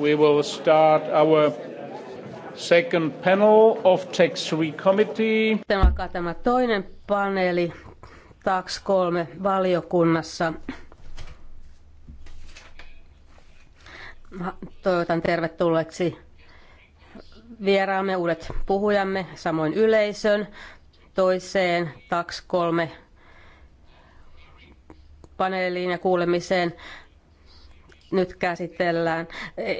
we will start our second panel of Tax 3 Committee. Tämä alkaa tämä toinen paneeli Tax 3 valiokunnassa. Toivotan tervetulleeksi vieraamme, uudet puhujamme, samoin yleisön toiseen Tax 3 paneeliin ja kuulemiseen nyt käsitellään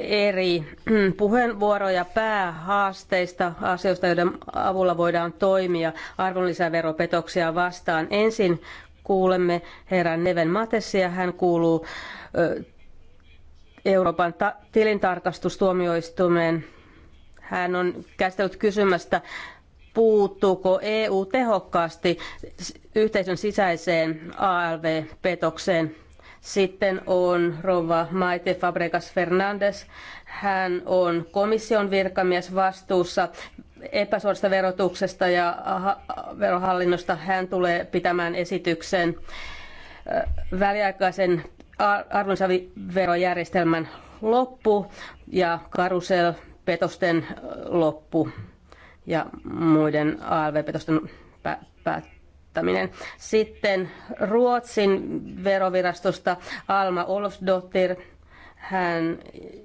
eri mm, puheenvuoroja päähaasteista, asioista, joiden avulla voidaan toimia arvonlisäveropetoksia vastaan. Ensin kuulemme herran Neven Matessia. Hän kuuluu Euroopan tilintarkastustuomioistuimeen. Hän on käsitellyt kysymystä puuttuuko EU tehokkaasti yhteisön sisäiseen ALV-petokseen. Sitten on rova Maite Fabregas Fernandes. Hän on komission virkamies vastuussa epäsuorasta verotuksesta ja verohallinnosta. Hän tulee pitämään esityksen väliaikaisen arvonlisäverojärjestelmän loppu ja karuselpetosten loppu ja muiden ALV-petosten pä- pä- välttäminen. Sitten Ruotsin verovirastosta Alma Olfsdottir, hän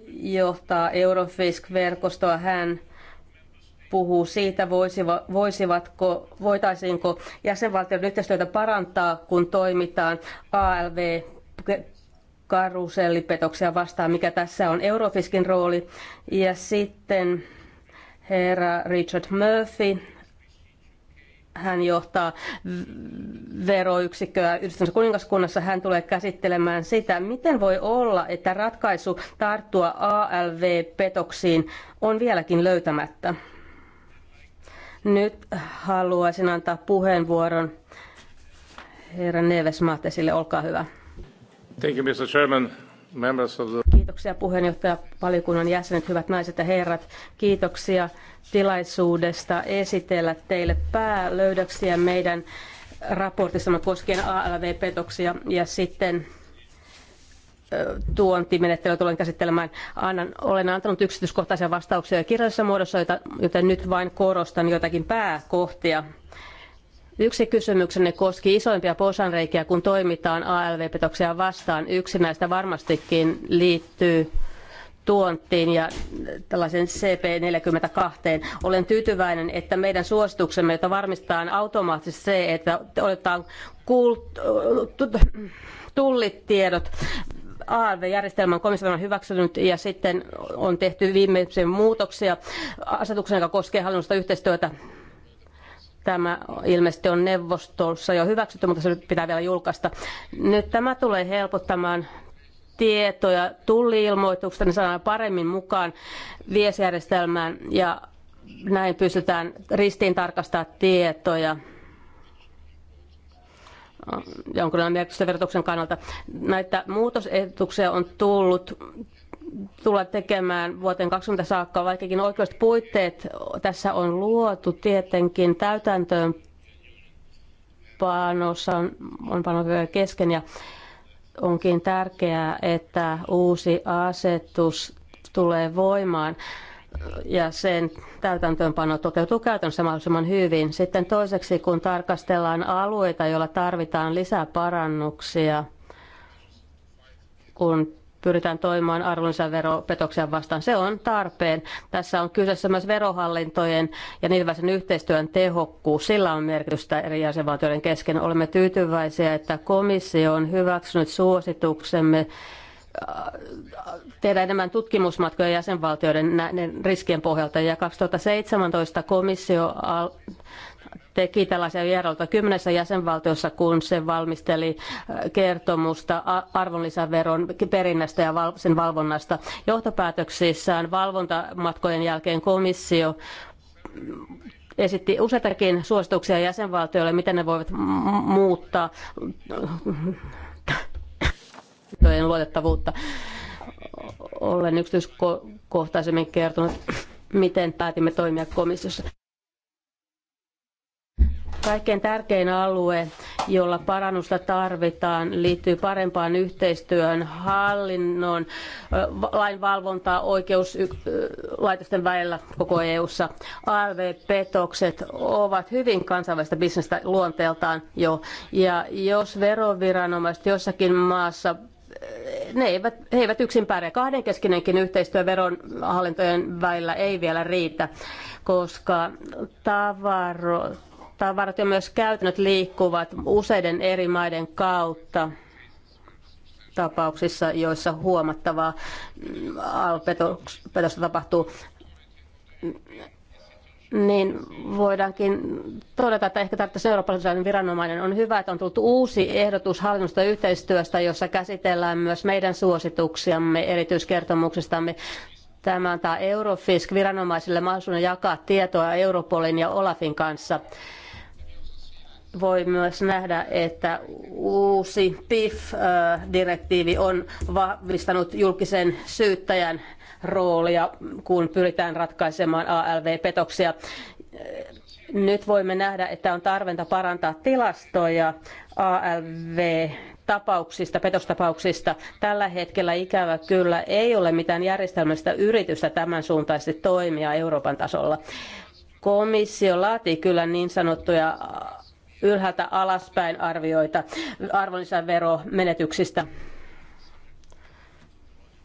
johtaa Eurofisk-verkostoa, hän puhuu siitä, voisivatko, voitaisiinko jäsenvaltioiden yhteistyötä parantaa, kun toimitaan ALV karusellipetoksia vastaan, mikä tässä on Eurofiskin rooli. Ja sitten herra Richard Murphy, hän johtaa veroyksikköä yhdistyneessä kuningaskunnassa. Hän tulee käsittelemään sitä, miten voi olla, että ratkaisu tarttua ALV-petoksiin on vieläkin löytämättä. Nyt haluaisin antaa puheenvuoron herra Neves Mahtesille. Olkaa hyvä. Thank you, Mr. Chairman. Kiitoksia puheenjohtaja, valiokunnan jäsenet, hyvät naiset ja herrat. Kiitoksia tilaisuudesta esitellä teille päälöydöksiä meidän raportissamme koskien ALV-petoksia ja sitten tuontimenettelyä tulen käsittelemään. Annan, olen antanut yksityiskohtaisia vastauksia kirjallisessa muodossa, joten nyt vain korostan joitakin pääkohtia Yksi kysymyksenne koski isoimpia porsanreikiä, kun toimitaan ALV-petoksia vastaan. Yksi näistä varmastikin liittyy tuontiin ja tällaisen CP42. Olen tyytyväinen, että meidän suosituksemme, jota varmistetaan automaattisesti se, että otetaan kult- tullitiedot ALV-järjestelmän komissio on hyväksynyt ja sitten on tehty viimeisen muutoksia asetuksen, joka koskee hallinnollista yhteistyötä. Tämä ilmeisesti on neuvostossa jo hyväksytty, mutta se pitää vielä julkaista. Nyt tämä tulee helpottamaan tietoja tulliilmoituksista, niin saadaan paremmin mukaan viesjärjestelmään ja näin pystytään ristiin tarkastaa tietoja jonkinlainen merkitystä verotuksen kannalta. Näitä muutosehdotuksia on tullut tulla tekemään vuoteen 20 saakka, vaikkakin oikeudelliset puitteet tässä on luotu tietenkin täytäntöön panossa on, on pano kesken ja onkin tärkeää, että uusi asetus tulee voimaan ja sen täytäntöönpano toteutuu käytännössä mahdollisimman hyvin. Sitten toiseksi, kun tarkastellaan alueita, joilla tarvitaan lisää parannuksia, kun pyritään toimimaan arvonlisäveropetoksia vastaan. Se on tarpeen. Tässä on kyseessä myös verohallintojen ja niiden yhteistyön tehokkuus. Sillä on merkitystä eri jäsenvaltioiden kesken. Olemme tyytyväisiä, että komissio on hyväksynyt suosituksemme äh, tehdä enemmän tutkimusmatkoja jäsenvaltioiden riskien pohjalta. Ja 2017 komissio teki tällaisia vierailuita kymmenessä jäsenvaltiossa, kun se valmisteli äh, kertomusta arvonlisäveron perinnästä ja sen valvonnasta. Johtopäätöksissään valvontamatkojen jälkeen komissio esitti useitakin suosituksia jäsenvaltioille, miten ne voivat muuttaa tietojen luotettavuutta. Olen yksityiskohtaisemmin kertonut, miten päätimme toimia komissiossa. Kaikkein tärkein alue, jolla parannusta tarvitaan, liittyy parempaan yhteistyön, hallinnon, lainvalvontaa, oikeuslaitosten välillä koko EU-ssa. ALV-petokset ovat hyvin kansainvälistä bisnestä luonteeltaan jo. Ja jos veroviranomaiset jossakin maassa ne eivät, he eivät yksin pärjää. Kahdenkeskinenkin yhteistyö veronhallintojen välillä ei vielä riitä, koska tavaroita tavarat ja myös käytännöt liikkuvat useiden eri maiden kautta tapauksissa, joissa huomattavaa alpetosta tapahtuu, niin voidaankin todeta, että ehkä tarvitsisi eurooppalaisen viranomainen. On hyvä, että on tullut uusi ehdotus hallinnosta yhteistyöstä, jossa käsitellään myös meidän suosituksiamme erityiskertomuksestamme. Tämä antaa Eurofisk viranomaisille mahdollisuuden jakaa tietoa Europolin ja Olafin kanssa voi myös nähdä, että uusi PIF-direktiivi on vahvistanut julkisen syyttäjän roolia, kun pyritään ratkaisemaan ALV-petoksia. Nyt voimme nähdä, että on tarventa parantaa tilastoja ALV tapauksista, petostapauksista. Tällä hetkellä ikävä kyllä ei ole mitään järjestelmällistä yritystä tämän suuntaisesti toimia Euroopan tasolla. Komissio laatii kyllä niin sanottuja ylhäältä alaspäin arvioita arvonlisäveromenetyksistä.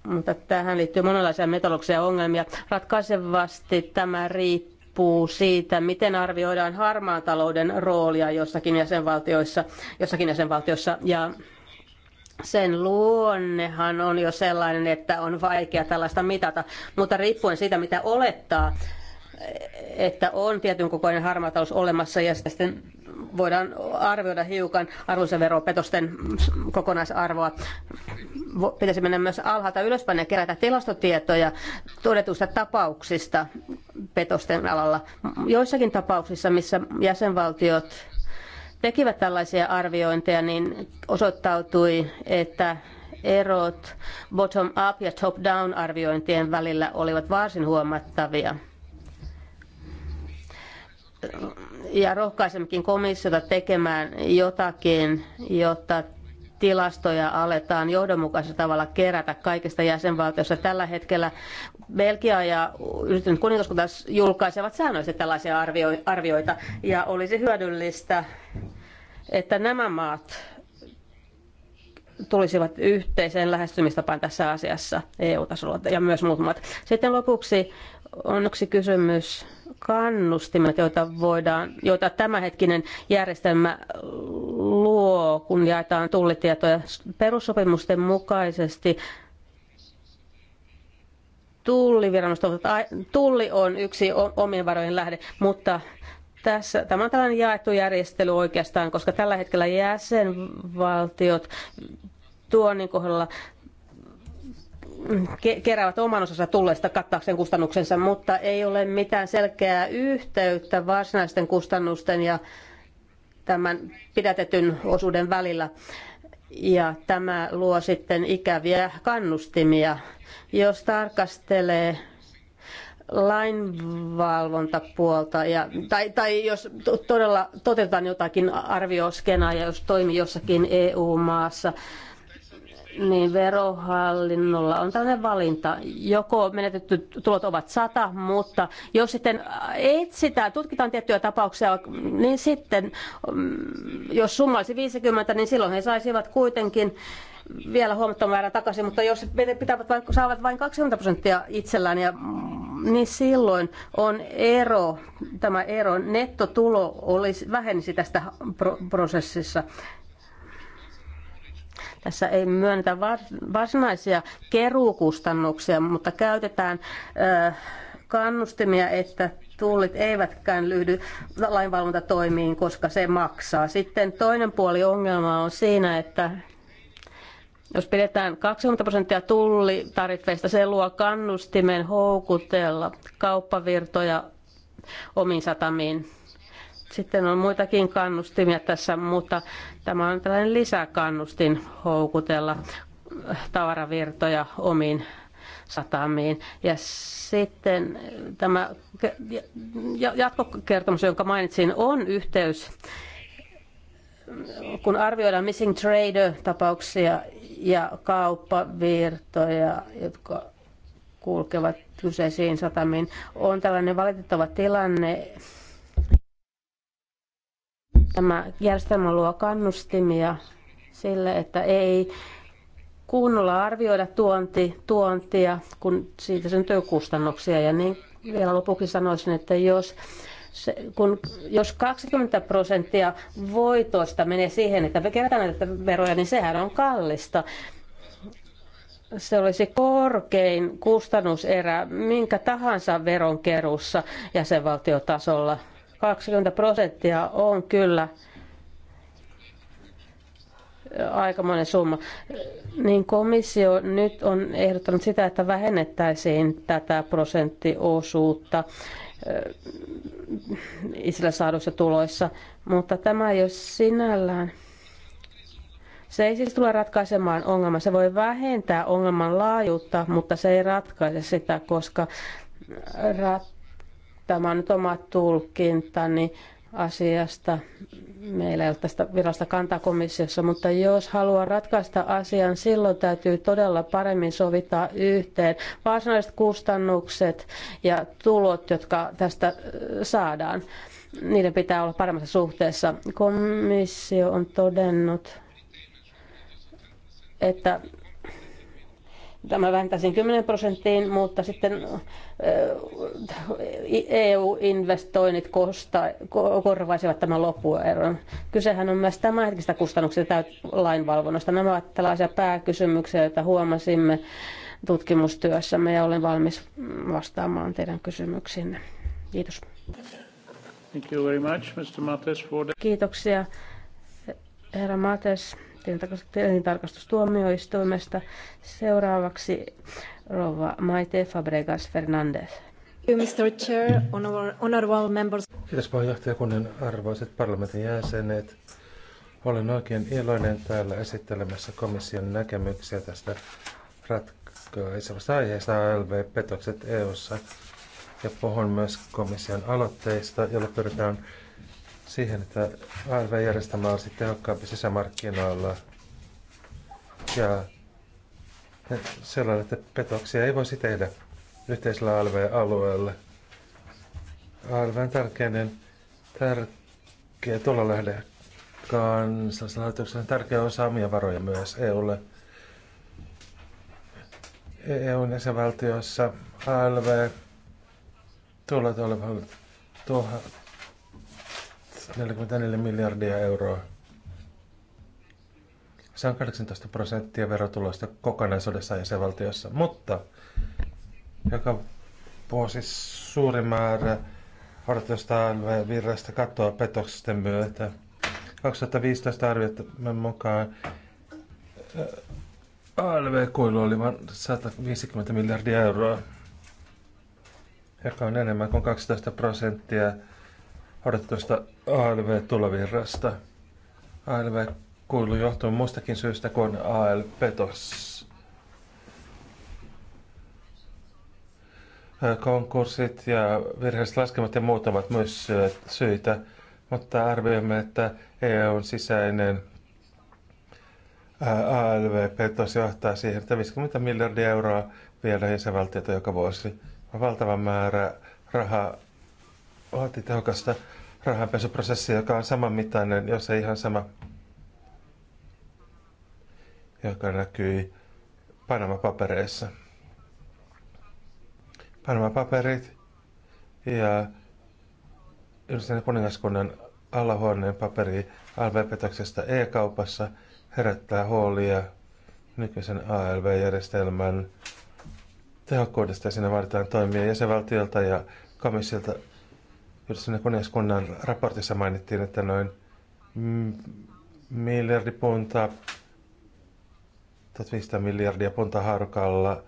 Mutta tähän liittyy monenlaisia metodologisia ongelmia. Ratkaisevasti tämä riippuu siitä, miten arvioidaan harmaan talouden roolia jossakin jäsenvaltioissa, jossakin jäsenvaltiossa ja sen luonnehan on jo sellainen, että on vaikea tällaista mitata, mutta riippuen siitä, mitä olettaa, että on tietyn kokoinen talous olemassa ja sitten voidaan arvioida hiukan arvonlisäveropetosten kokonaisarvoa. Pitäisi mennä myös alhaalta ylöspäin ja kerätä tilastotietoja todetuista tapauksista petosten alalla. Joissakin tapauksissa, missä jäsenvaltiot tekivät tällaisia arviointeja, niin osoittautui, että erot bottom-up ja top-down arviointien välillä olivat varsin huomattavia ja rohkaisemmekin komissiota tekemään jotakin, jotta tilastoja aletaan johdonmukaisella tavalla kerätä kaikista jäsenvaltioista. Tällä hetkellä Belgia ja yhdistynyt kuningaskunta julkaisevat säännöllisesti tällaisia arvioita, ja olisi hyödyllistä, että nämä maat tulisivat yhteiseen lähestymistapaan tässä asiassa EU-tasolla ja myös muut maat. Sitten lopuksi on yksi kysymys kannustimet, joita, voidaan, joita tämänhetkinen järjestelmä luo, kun jaetaan tullitietoja perussopimusten mukaisesti. Tulliviranomaiset tulli on yksi omien varojen lähde, mutta tässä, tämä on tällainen jaettu järjestely oikeastaan, koska tällä hetkellä jäsenvaltiot tuonnin kohdalla keräävät oman osansa tulleista kattaakseen kustannuksensa, mutta ei ole mitään selkeää yhteyttä varsinaisten kustannusten ja tämän pidätetyn osuuden välillä. Ja tämä luo sitten ikäviä kannustimia. Jos tarkastelee lainvalvontapuolta, ja, tai, tai jos todella toteutetaan jotakin arvioskenaa ja jos toimii jossakin EU-maassa, niin verohallinnolla on tällainen valinta. Joko menetetty tulot ovat sata, mutta jos sitten etsitään, tutkitaan tiettyjä tapauksia, niin sitten mm, jos summa olisi 50, niin silloin he saisivat kuitenkin vielä huomattavan määrän takaisin, mutta jos pitävät vain, saavat vain 20 prosenttia itsellään, ja, mm, niin silloin on ero, tämä ero, nettotulo olisi, vähenisi tästä pro- prosessissa. Tässä ei myönnetä varsinaisia keruukustannuksia, mutta käytetään kannustimia, että tullit eivätkään lyhdy lainvalvontatoimiin, koska se maksaa. Sitten toinen puoli ongelmaa on siinä, että jos pidetään 20 prosenttia tullitariffeista, se luo kannustimen houkutella kauppavirtoja omiin satamiin. Sitten on muitakin kannustimia tässä, mutta Tämä on tällainen lisäkannustin houkutella tavaravirtoja omiin satamiin. Ja sitten tämä jatkokertomus, jonka mainitsin, on yhteys, kun arvioidaan missing trader-tapauksia ja kauppavirtoja, jotka kulkevat kyseisiin satamiin, on tällainen valitettava tilanne, Tämä järjestelmä luo kannustimia sille, että ei kunnolla arvioida tuonti, tuontia, kun siitä syntyy kustannuksia. Ja niin vielä lopuksi sanoisin, että jos se, kun, jos 20 prosenttia voitoista menee siihen, että me kerätään näitä veroja, niin sehän on kallista. Se olisi korkein kustannuserä minkä tahansa veronkeruussa jäsenvaltiotasolla. 20 prosenttia on kyllä aikamoinen summa. Niin komissio nyt on ehdottanut sitä, että vähennettäisiin tätä prosenttiosuutta isillä eh, saaduissa tuloissa, mutta tämä ei ole sinällään se ei siis tule ratkaisemaan ongelmaa. Se voi vähentää ongelman laajuutta, mutta se ei ratkaise sitä, koska rat- Tämä on nyt oma tulkintani asiasta. Meillä ei ole tästä virasta kantaa komissiossa, mutta jos haluaa ratkaista asian, silloin täytyy todella paremmin sovittaa yhteen varsinaiset kustannukset ja tulot, jotka tästä saadaan. Niiden pitää olla paremmassa suhteessa. Komissio on todennut, että tämä vähentäisiin 10 prosenttiin, mutta sitten EU-investoinnit kosta, korvaisivat tämän loppueron. Kysehän on myös hetkistä kustannuksista täyt lainvalvonnasta. Nämä ovat tällaisia pääkysymyksiä, joita huomasimme tutkimustyössämme ja olen valmis vastaamaan teidän kysymyksiinne. Kiitos. Thank you very much, Mr. Mates, for the... Kiitoksia, herra Mates tilintarkastustuomioistuimesta. Seuraavaksi rouva Maite Fabregas Fernandez. Mr. members. Kiitos puheenjohtaja, kunnen arvoiset parlamentin jäsenet. Olen oikein iloinen täällä esittelemässä komission näkemyksiä tästä ratkaisevasta aiheesta ALV-petokset EU:ssa ja puhun myös komission aloitteista, jolla pyritään siihen, että ALV-järjestelmä olisi tehokkaampi sisämarkkinoilla ja sellainen, että petoksia ei voisi tehdä yhteisellä ALV-alueella. ALV on tärkeinen, tärkeä tulolähde kansallisella tärkeä osa omia varoja myös EUlle. EUn jäsenvaltioissa ALV tulot olevat 44 miljardia euroa. Se on 18 prosenttia verotuloista kokonaisuudessa jäsenvaltiossa, mutta joka vuosi suuri määrä odotusta virrasta katoaa petoksisten myötä. 2015 arvioittamme mukaan ALV-kuilu oli vain 150 miljardia euroa, joka on enemmän kuin 12 prosenttia odotetusta ALV tulovirrasta. ALV kuilu johtuu muustakin syystä kuin AL-petos. Konkurssit ja virheelliset laskemat ja muut ovat myös syitä, mutta arvioimme, että EUn sisäinen ALV-petos johtaa siihen, että 50 miljardia euroa vielä jäsenvaltiota joka vuosi. Valtava määrä rahaa vaatii tehokasta rahanpesuprosessi, joka on samanmittainen, jos ei ihan sama, joka näkyi Panama-papereissa. Panama-paperit ja Yhdistyneen kuningaskunnan alahuoneen paperi ALV-petoksesta e-kaupassa herättää huolia nykyisen ALV-järjestelmän tehokkuudesta. Siinä vaaditaan toimia jäsenvaltiolta ja komissiolta Yhdistyneen kuningaskunnan raportissa mainittiin, että noin miljardi punta, 1500 miljardia punta haarukalla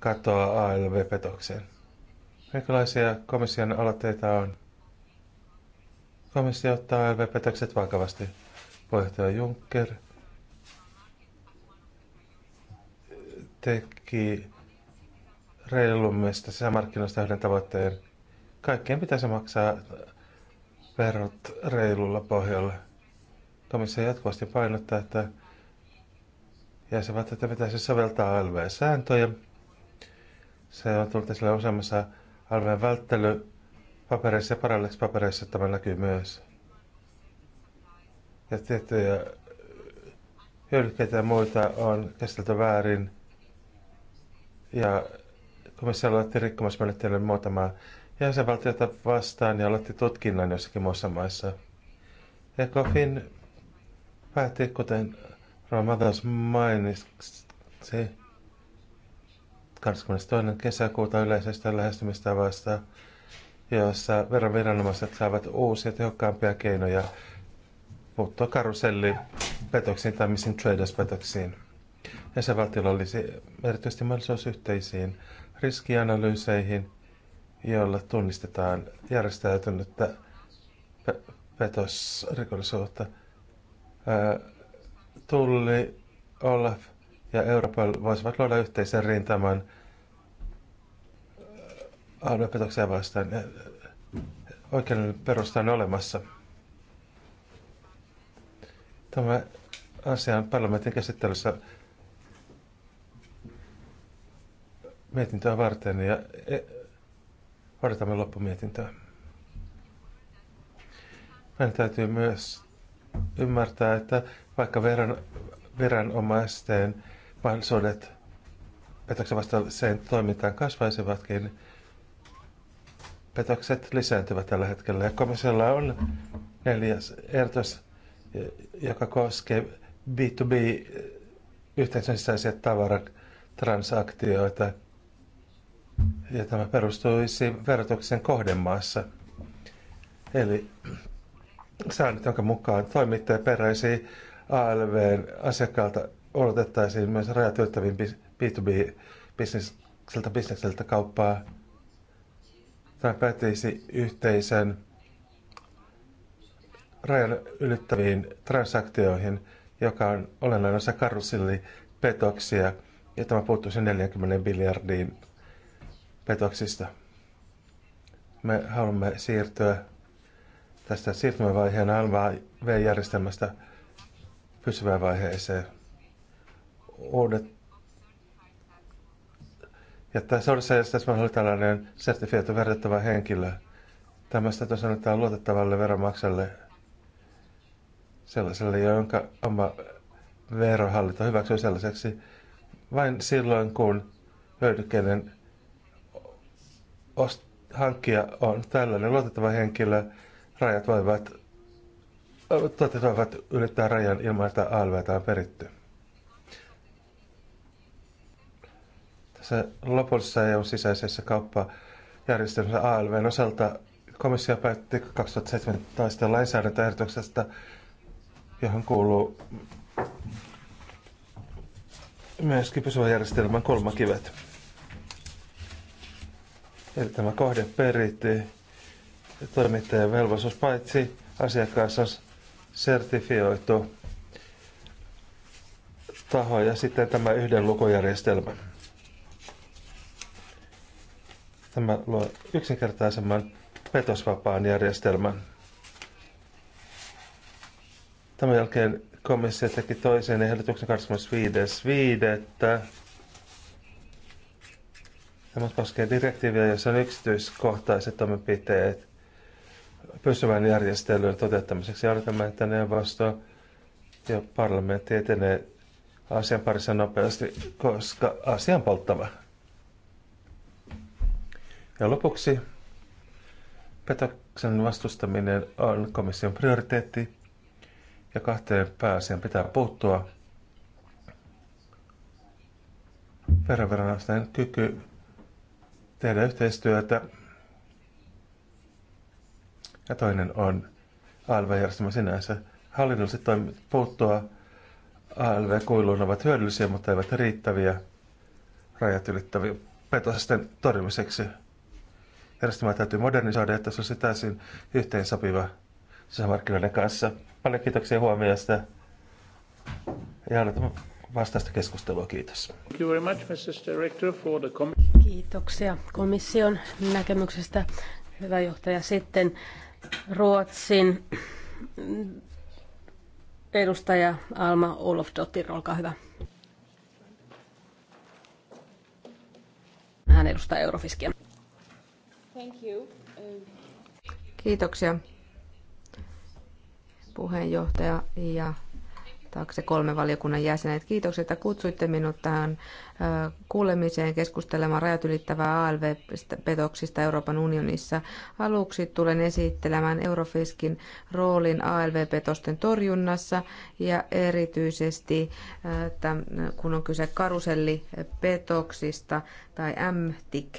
katoaa ALV-petokseen. Minkälaisia komission aloitteita on? Komissio ottaa ALV-petokset vakavasti. Puheenjohtaja Juncker teki reilummista sisämarkkinoista yhden tavoitteen – Kaikkien pitäisi maksaa verot reilulla pohjalla. Komissio jatkuvasti painottaa, että jäsenvaltiot pitäisi soveltaa LV-sääntöjä. Se on tullut esille useammassa alveen välttelypapereissa papereissa ja paralleks papereissa tämä näkyy myös. Ja tiettyjä hyödykkeitä ja muita on käsitelty väärin. Ja komissio aloitti rikkomusmenettelyn muutama jäsenvaltiota vastaan ja aloitti tutkinnan jossakin muissa maissa. ECOFIN päätti, kuten Ramadas mainitsi, 22. kesäkuuta yleisestä lähestymistavasta, jossa veroviranomaiset saavat uusia tehokkaampia keinoja puuttua karusellipetoksiin petoksiin tai missing traders petoksiin. Jäsenvaltiolla olisi erityisesti mahdollisuus yhteisiin riskianalyyseihin – jolla tunnistetaan järjestäytynyttä pe- petosrikollisuutta. Tulli, Olaf ja Europol voisivat luoda yhteisen rintaman aluepetoksia vastaan. Oikein perusta on olemassa. Tämä asia on parlamentin käsittelyssä mietintöä varten ja e-, Varitamme loppumietintöä. Meidän täytyy myös ymmärtää, että vaikka veran, veranomaisten mahdollisuudet petoksen vastaiseen toimintaan kasvaisivatkin, petokset lisääntyvät tällä hetkellä. Ja komissiolla on neljäs ehdotus, joka koskee B2B yhteisön sisäisiä tavaratransaktioita – ja tämä perustuisi verotuksen kohdemaassa. Eli säännöt, jonka mukaan peräisi ALVn asiakkaalta odotettaisiin myös rajatyöttävin B2B-bisnekseltä bisnekseltä kauppaa. Tämä päätisi yhteisön rajan ylittäviin transaktioihin, joka on olennainen osa karusilli petoksia, ja tämä puuttuisi 40 miljardiin petoksista. Me haluamme siirtyä tästä siirtymävaiheen LV-järjestelmästä pysyvään vaiheeseen. Uudet ja tässä uudessa järjestelmässä oli tällainen sertifioitu verrattava henkilö. Tämästä tosiaan annetaan luotettavalle veronmaksajalle sellaiselle, jonka oma verohallinto hyväksyy sellaiseksi vain silloin, kun hyödykkeiden ost- hankkija on tällainen luotettava henkilö, rajat voivat, tuotteet voivat ylittää rajan ilman, että alveita on peritty. Tässä lopullisessa EUn sisäisessä kauppajärjestelmässä ALVn osalta komissio päätti 2017 lainsäädäntöehdotuksesta, johon kuuluu myöskin pysyvän järjestelmän kolmakivet. Eli tämä kohde peritti toimittajan velvollisuus, paitsi asiakas on sertifioitu taho ja sitten tämä yhden lukujärjestelmä. Tämä luo yksinkertaisemman petosvapaan järjestelmän. Tämän jälkeen komissio teki toisen ehdotuksen 25.5. Tämä koskee direktiiviä, jossa on yksityiskohtaiset toimenpiteet pysyvän järjestelyn toteuttamiseksi. Arvitamme, että neuvosto ja parlamentti etenee asian parissa nopeasti, koska asia on polttava. Ja lopuksi petoksen vastustaminen on komission prioriteetti ja kahteen pääasiaan pitää puuttua. Veroviranomaisten kyky tehdä yhteistyötä. Ja toinen on ALV-järjestelmä sinänsä. Hallinnolliset toimet puuttua ALV-kuiluun ovat hyödyllisiä, mutta eivät riittäviä rajat ylittäviä petosten torjumiseksi. Järjestelmää täytyy modernisoida, että se olisi täysin sopiva sisämarkkinoiden kanssa. Paljon kiitoksia huomiosta ja vastausta keskustelua. Kiitos. Thank you very much, Mr. Director, for the Kiitoksia komission näkemyksestä, hyvä johtaja. Sitten Ruotsin edustaja Alma Olof Dottir, olkaa hyvä. Hän edustaa Eurofiskia. Thank you. Kiitoksia puheenjohtaja ja taakse kolme valiokunnan jäsenet. Kiitokset, että kutsuitte minut tähän kuulemiseen keskustelemaan rajat ylittävää ALV-petoksista Euroopan unionissa. Aluksi tulen esittelemään Eurofiskin roolin ALV-petosten torjunnassa ja erityisesti, kun on kyse karusellipetoksista tai MTIC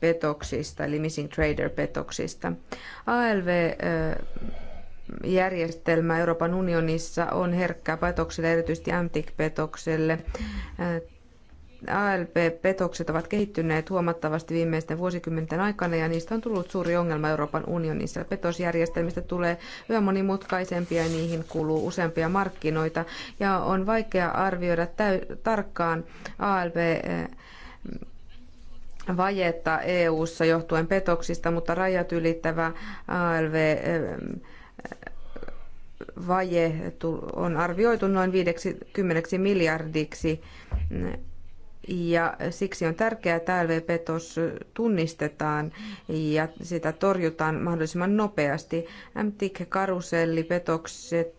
petoksista, eli Missing Trader-petoksista. ALV järjestelmä Euroopan unionissa on herkkää petoksille, erityisesti antik petokselle ALP-petokset ovat kehittyneet huomattavasti viimeisten vuosikymmenten aikana ja niistä on tullut suuri ongelma Euroopan unionissa. Petosjärjestelmistä tulee yhä monimutkaisempia ja niihin kuluu useampia markkinoita ja on vaikea arvioida tarkkaan ALP vajetta EU-ssa johtuen petoksista, mutta rajat ylittävä ALV vaje on arvioitu noin 50 miljardiksi ja siksi on tärkeää, että LV-petos tunnistetaan ja sitä torjutaan mahdollisimman nopeasti. MTIC, karuselli, petokset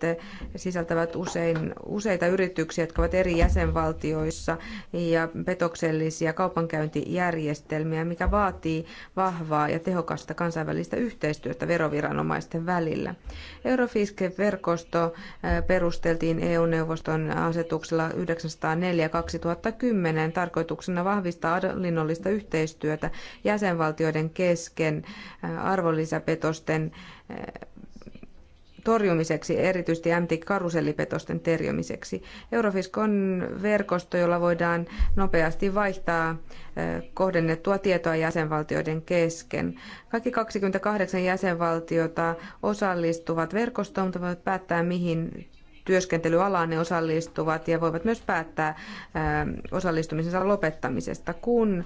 sisältävät usein useita yrityksiä, jotka ovat eri jäsenvaltioissa ja petoksellisia kaupankäyntijärjestelmiä, mikä vaatii vahvaa ja tehokasta kansainvälistä yhteistyötä veroviranomaisten välillä. Eurofiske-verkosto eh, perusteltiin EU-neuvoston asetuksella 904 2010 tarkoituksena vahvistaa hallinnollista yhteistyötä jäsenvaltioiden kesken äh, arvonlisäpetosten äh, torjumiseksi, erityisesti MT-karusellipetosten terjumiseksi Eurofisk on verkosto, jolla voidaan nopeasti vaihtaa äh, kohdennettua tietoa jäsenvaltioiden kesken. Kaikki 28 jäsenvaltiota osallistuvat verkostoon, mutta voivat päättää, mihin työskentelyalaan ne osallistuvat ja voivat myös päättää osallistumisensa lopettamisesta. Kun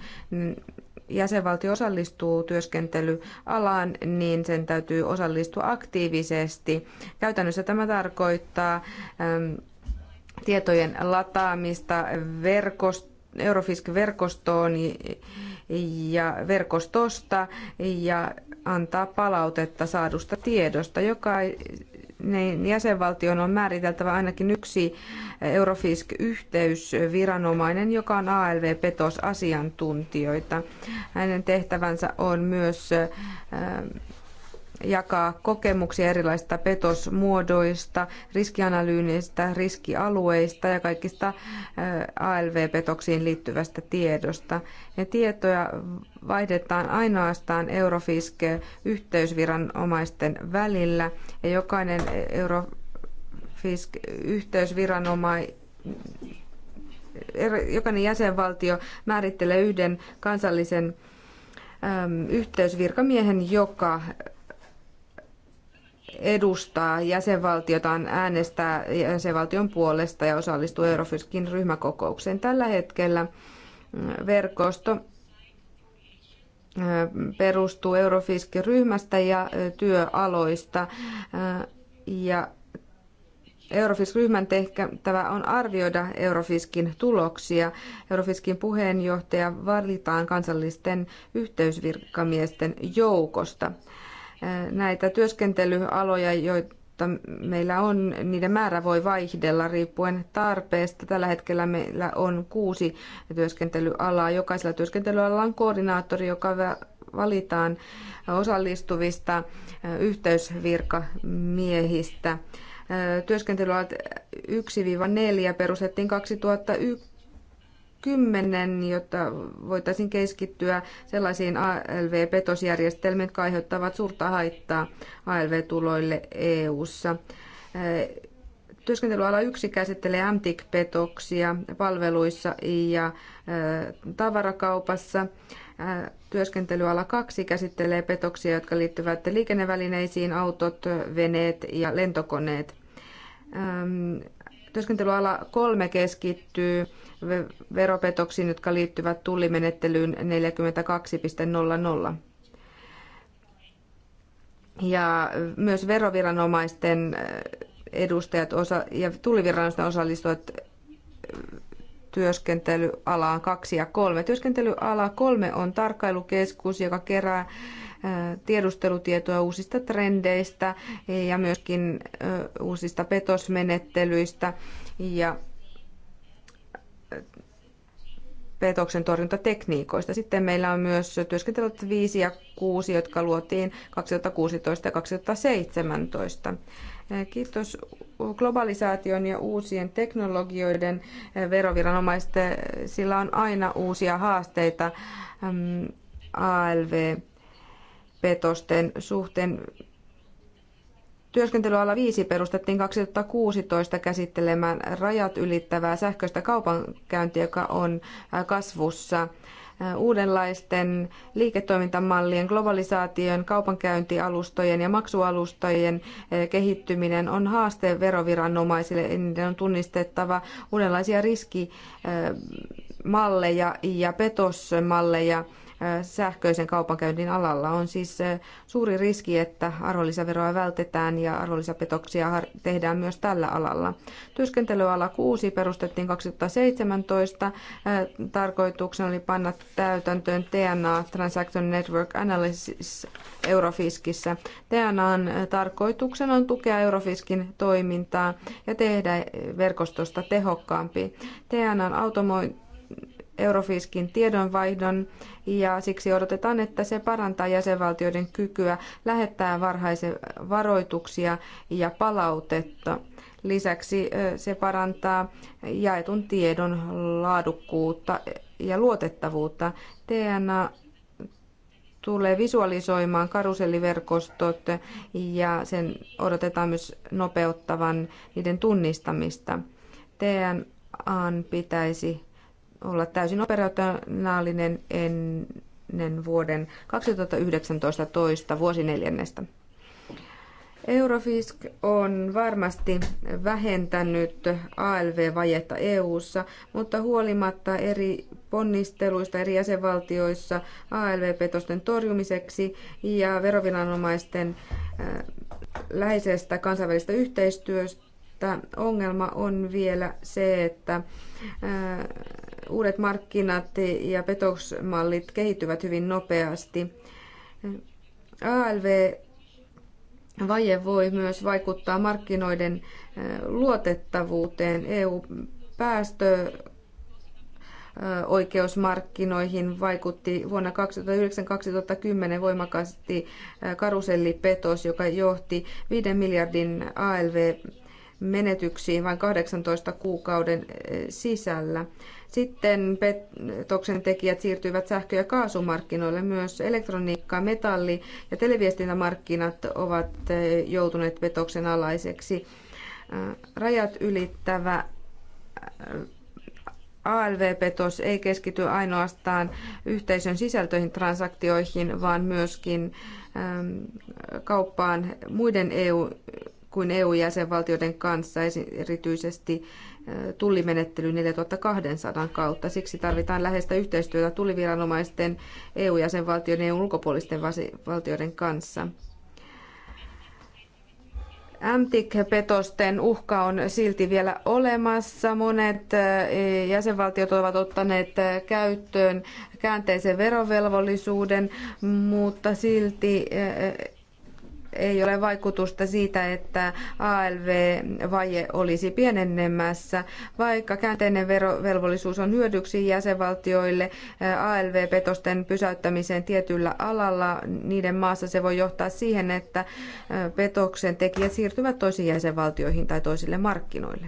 jäsenvaltio osallistuu työskentelyalaan, niin sen täytyy osallistua aktiivisesti. Käytännössä tämä tarkoittaa tietojen lataamista verkosta, Eurofisk-verkostoon ja verkostosta ja antaa palautetta saadusta tiedosta. Joka, niin jäsenvaltion on määriteltävä ainakin yksi Eurofisk-yhteysviranomainen, joka on ALV-petosasiantuntijoita. Hänen tehtävänsä on myös jakaa kokemuksia erilaisista petosmuodoista, riskianalyynistä, riskialueista ja kaikista ALV-petoksiin liittyvästä tiedosta. Ne tietoja vaihdetaan ainoastaan Eurofisk-yhteysviranomaisten välillä ja jokainen Eurofisk-yhteysviranomainen jokainen jäsenvaltio määrittelee yhden kansallisen yhteysvirkamiehen, joka edustaa jäsenvaltiotaan, äänestää jäsenvaltion puolesta ja osallistuu Eurofiskin ryhmäkokoukseen. Tällä hetkellä mm, verkosto mm, perustuu Eurofiskin ryhmästä ja työaloista. Ja Eurofisk-ryhmän tehtävä on arvioida Eurofiskin tuloksia. Eurofiskin puheenjohtaja valitaan kansallisten yhteysvirkkamiesten joukosta näitä työskentelyaloja, joita meillä on, niiden määrä voi vaihdella riippuen tarpeesta. Tällä hetkellä meillä on kuusi työskentelyalaa. Jokaisella työskentelyalalla on koordinaattori, joka valitaan osallistuvista yhteysvirkamiehistä. Työskentelyalat 1-4 perustettiin 2001 kymmenen, jotta voitaisiin keskittyä sellaisiin ALV-petosjärjestelmiin, jotka aiheuttavat suurta haittaa ALV-tuloille EU-ssa. Työskentelyala yksi käsittelee MTIC-petoksia palveluissa ja tavarakaupassa. Työskentelyala kaksi käsittelee petoksia, jotka liittyvät liikennevälineisiin, autot, veneet ja lentokoneet. Työskentelyala kolme keskittyy veropetoksiin, jotka liittyvät tullimenettelyyn 42.00. Ja myös veroviranomaisten eh, edustajat osa- ja tulliviranomaisten osallistuvat eh, työskentelyalaan kaksi ja kolme. Työskentelyala kolme on tarkkailukeskus, joka kerää tiedustelutietoa uusista trendeistä ja myöskin uusista petosmenettelyistä ja petoksen torjuntatekniikoista. Sitten meillä on myös työskentelyt 5 ja 6, jotka luotiin 2016 ja 2017. Kiitos globalisaation ja uusien teknologioiden veroviranomaisten. Sillä on aina uusia haasteita. ALV petosten suhteen. Työskentelyala 5 perustettiin 2016 käsittelemään rajat ylittävää sähköistä kaupankäyntiä, joka on kasvussa uudenlaisten liiketoimintamallien, globalisaation, kaupankäyntialustojen ja maksualustojen kehittyminen on haaste veroviranomaisille. Niiden on tunnistettava uudenlaisia riskimalleja ja petosmalleja sähköisen kaupankäynnin alalla. On siis suuri riski, että arvonlisäveroa vältetään ja arvonlisäpetoksia tehdään myös tällä alalla. Työskentelyala 6 perustettiin 2017. Tarkoituksena oli panna täytäntöön TNA Transaction Network Analysis Eurofiskissä. TNAn tarkoituksena on tukea Eurofiskin toimintaa ja tehdä verkostosta tehokkaampi. TNAn automointi Eurofiskin tiedonvaihdon ja siksi odotetaan, että se parantaa jäsenvaltioiden kykyä lähettää varhaisia varoituksia ja palautetta. Lisäksi se parantaa jaetun tiedon laadukkuutta ja luotettavuutta. TNA tulee visualisoimaan karuselliverkostot ja sen odotetaan myös nopeuttavan niiden tunnistamista. TNA pitäisi olla täysin operationaalinen ennen vuoden 2019 toista vuosineljännestä. Eurofisk on varmasti vähentänyt ALV-vajetta EU:ssa, mutta huolimatta eri ponnisteluista eri jäsenvaltioissa ALV-petosten torjumiseksi ja veroviranomaisten äh, läheisestä kansainvälisestä yhteistyöstä, että ongelma on vielä se, että uudet markkinat ja petoksmallit kehittyvät hyvin nopeasti. ALV vaje voi myös vaikuttaa markkinoiden luotettavuuteen. EU-päästö oikeusmarkkinoihin vaikutti vuonna 2009-2010 voimakkaasti karusellipetos, joka johti 5 miljardin ALV menetyksiin vain 18 kuukauden eh, sisällä. Sitten petoksen tekijät siirtyivät sähkö- ja kaasumarkkinoille. Myös elektroniikka, metalli- ja televiestintämarkkinat ovat eh, joutuneet petoksen alaiseksi. Eh, rajat ylittävä ALV-petos ei keskity ainoastaan yhteisön sisältöihin transaktioihin, vaan myöskin kauppaan muiden EU kuin EU-jäsenvaltioiden kanssa, erityisesti tullimenettely 4200 kautta. Siksi tarvitaan läheistä yhteistyötä tulliviranomaisten EU-jäsenvaltioiden ja e ulkopuolisten valtioiden kanssa. MTIC-petosten uhka on silti vielä olemassa. Monet jäsenvaltiot ovat ottaneet käyttöön käänteisen verovelvollisuuden, mutta silti ei ole vaikutusta siitä, että ALV-vaje olisi pienenemässä. Vaikka käänteinen verovelvollisuus on hyödyksi jäsenvaltioille ALV-petosten pysäyttämiseen tietyllä alalla, niiden maassa se voi johtaa siihen, että petoksen tekijät siirtyvät toisiin jäsenvaltioihin tai toisille markkinoille.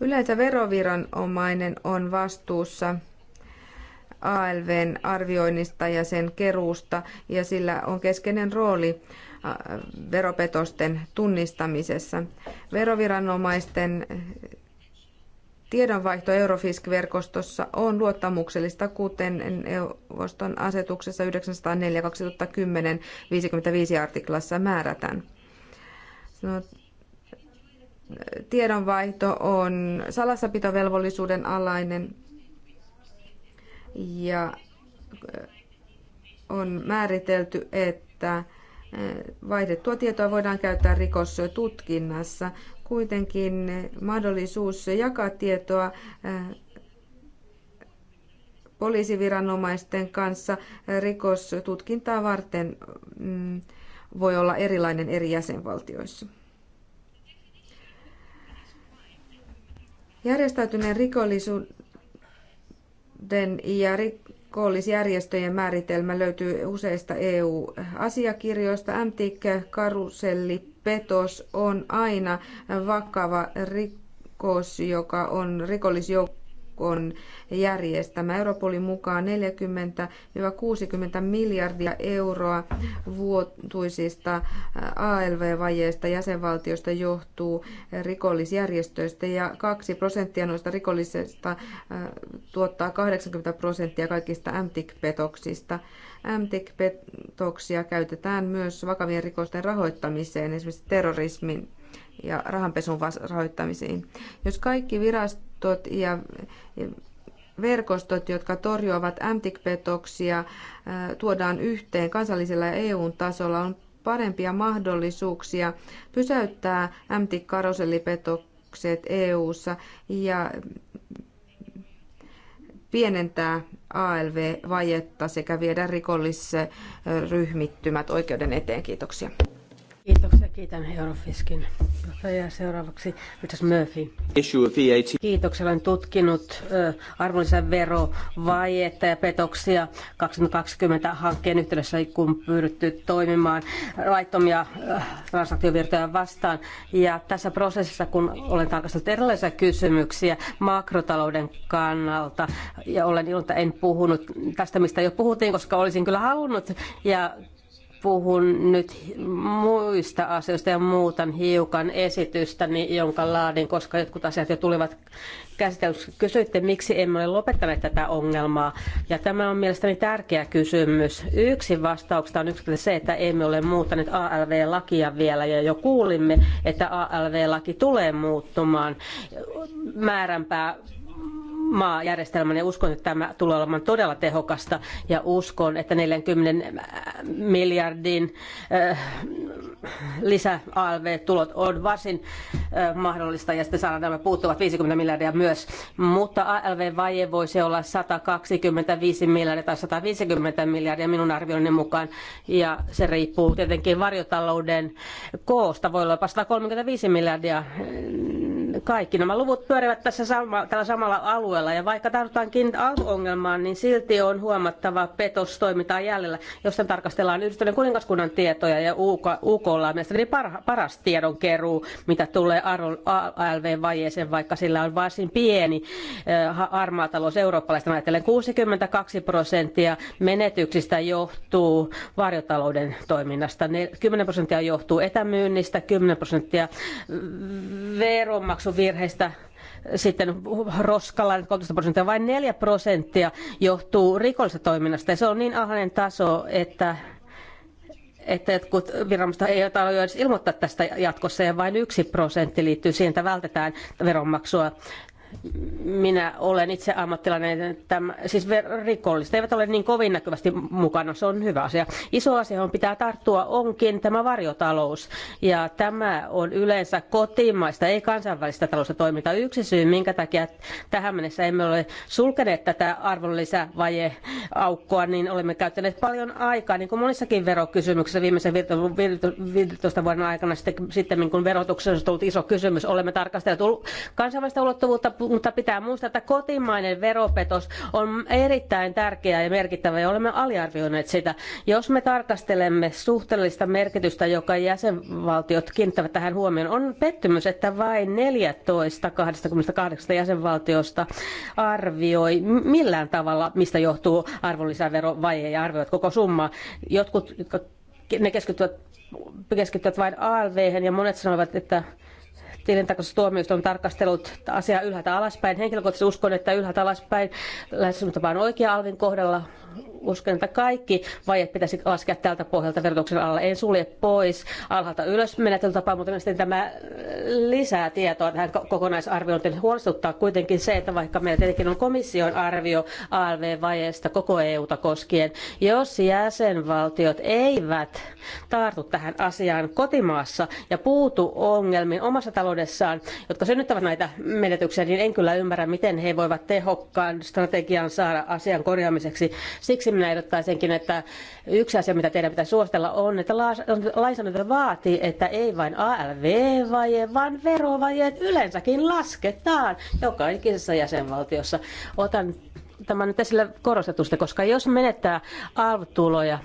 Yleensä veroviranomainen on vastuussa ALVn arvioinnista ja sen keruusta, ja sillä on keskeinen rooli äh, veropetosten tunnistamisessa. Veroviranomaisten äh, tiedonvaihto Eurofisk-verkostossa on luottamuksellista, kuten neuvoston asetuksessa 904-2010 55 artiklassa määrätään. No, tiedonvaihto on salassapitovelvollisuuden alainen ja on määritelty, että vaihdettua tietoa voidaan käyttää rikostutkinnassa. Kuitenkin mahdollisuus jakaa tietoa poliisiviranomaisten kanssa rikostutkintaa varten mm, voi olla erilainen eri jäsenvaltioissa. Järjestäytyneen rikollisuuden talouden ja rikollisjärjestöjen määritelmä löytyy useista EU-asiakirjoista. MTIC, karuselli, petos on aina vakava rikos, joka on rikollisjoukko verkon järjestämä. Europolin mukaan 40-60 miljardia euroa vuotuisista ALV-vajeista jäsenvaltiosta johtuu rikollisjärjestöistä ja 2 prosenttia noista rikollisista tuottaa 80 prosenttia kaikista MTIC-petoksista. MTIC-petoksia käytetään myös vakavien rikosten rahoittamiseen, esimerkiksi terrorismin ja rahanpesun rahoittamisiin. Jos kaikki virastot verkostot ja verkostot, jotka torjuvat MTIC-petoksia, äh, tuodaan yhteen kansallisella ja EU-tasolla, on parempia mahdollisuuksia pysäyttää MTIC-karusellipetokset EU-ssa ja pienentää ALV-vajetta sekä viedä rikollisryhmittymät oikeuden eteen. Kiitoksia. Kiitoksia, kiitän Eurofiskin Ja Seuraavaksi Richard Murphy. Issue of VAT. Kiitoksia, olen tutkinut arvonlisäverovajetta ja petoksia 2020 hankkeen yhteydessä, kun pyydetty toimimaan laittomia transaktiovirtoja vastaan. Ja tässä prosessissa, kun olen tarkastellut erilaisia kysymyksiä makrotalouden kannalta, ja olen ilta en puhunut tästä, mistä jo puhuttiin, koska olisin kyllä halunnut, ja puhun nyt muista asioista ja muutan hiukan esitystä, jonka laadin, koska jotkut asiat jo tulivat käsitellyksi. Kysyitte, miksi emme ole lopettaneet tätä ongelmaa. Ja tämä on mielestäni tärkeä kysymys. Yksi vastauksesta on yksi se, että emme ole muuttaneet ALV-lakia vielä. Ja jo kuulimme, että ALV-laki tulee muuttumaan määränpää maajärjestelmän ja uskon, että tämä tulee olemaan todella tehokasta ja uskon, että 40 äh, miljardin äh, lisä-ALV-tulot on varsin äh, mahdollista ja sitten saadaan nämä puuttuvat 50 miljardia myös, mutta ALV-vaje voisi olla 125 miljardia tai 150 miljardia minun arvioinnin mukaan ja se riippuu tietenkin varjotalouden koosta, voi olla jopa 135 miljardia kaikki nämä luvut pyörivät tässä sama, tällä samalla alueella puolella. Ja vaikka tartutaankin alkuongelmaan, niin silti on huomattava petostoimintaa jäljellä, josta tarkastellaan yhdistyneen kuningaskunnan tietoja ja UKlla on mielestäni parha, paras tiedonkeruu, mitä tulee ALV-vajeeseen, vaikka sillä on varsin pieni eh, harmaa talous eurooppalaista ajatellen. 62 prosenttia menetyksistä johtuu varjotalouden toiminnasta, 10 prosenttia johtuu etämyynnistä, 10 prosenttia veronmaksuvirheistä, sitten roskalla 13 prosenttia, vain 4 prosenttia johtuu rikollisesta toiminnasta. Ja se on niin alhainen taso, että että jotkut viranomaiset eivät ala edes ilmoittaa tästä jatkossa ja vain yksi prosentti liittyy siihen, että vältetään veronmaksua minä olen itse ammattilainen, täm, siis rikolliset eivät ole niin kovin näkyvästi mukana, se on hyvä asia. Iso asia, on pitää tarttua, onkin tämä varjotalous. Ja tämä on yleensä kotimaista, ei kansainvälistä talousta toimintaa. Yksi syy, minkä takia tähän mennessä emme ole sulkeneet tätä arvonlisävajeaukkoa, niin olemme käyttäneet paljon aikaa, niin kuin monissakin verokysymyksissä viimeisen 15 vuoden aikana, sitten, sitten kun verotuksessa on tullut iso kysymys, olemme tarkastelleet kansainvälistä ulottuvuutta, mutta pitää muistaa, että kotimainen veropetos on erittäin tärkeä ja merkittävä ja olemme aliarvioineet sitä. Jos me tarkastelemme suhteellista merkitystä, joka jäsenvaltiot kiinnittävät tähän huomioon, on pettymys, että vain 14 28 jäsenvaltiosta arvioi millään tavalla, mistä johtuu arvonlisäverovaje ja arvioit koko summaa. Jotkut, ne keskittyvät, keskittyvät vain ALV, ja monet sanovat, että tilintarkastustuomioistuin on tarkastellut asiaa ylhäältä alaspäin. Henkilökohtaisesti uskon, että ylhäältä alaspäin lähes on oikea alvin kohdalla. Uskon, että kaikki vajet pitäisi laskea tältä pohjalta verotuksen alla. En sulje pois alhaalta ylös menetelytapaa, mutta mielestäni tämä lisää tietoa tähän kokonaisarviointiin. Huolestuttaa kuitenkin se, että vaikka meillä tietenkin on komission arvio ALV-vajeesta koko EUta koskien, jos jäsenvaltiot eivät tartu tähän asiaan kotimaassa ja puutu ongelmiin omassa taloudessaan, jotka synnyttävät näitä menetyksiä, niin en kyllä ymmärrä, miten he voivat tehokkaan strategian saada asian korjaamiseksi. Siksi minä ehdottaisinkin, että yksi asia, mitä teidän pitää suositella, on, että lainsäädäntö vaatii, että ei vain ALV-vaje, laskee, vaan verovajeet yleensäkin lasketaan joka ikisessä jäsenvaltiossa. Otan tämä nyt esille korostetusta, koska jos menettää ALV-tuloja,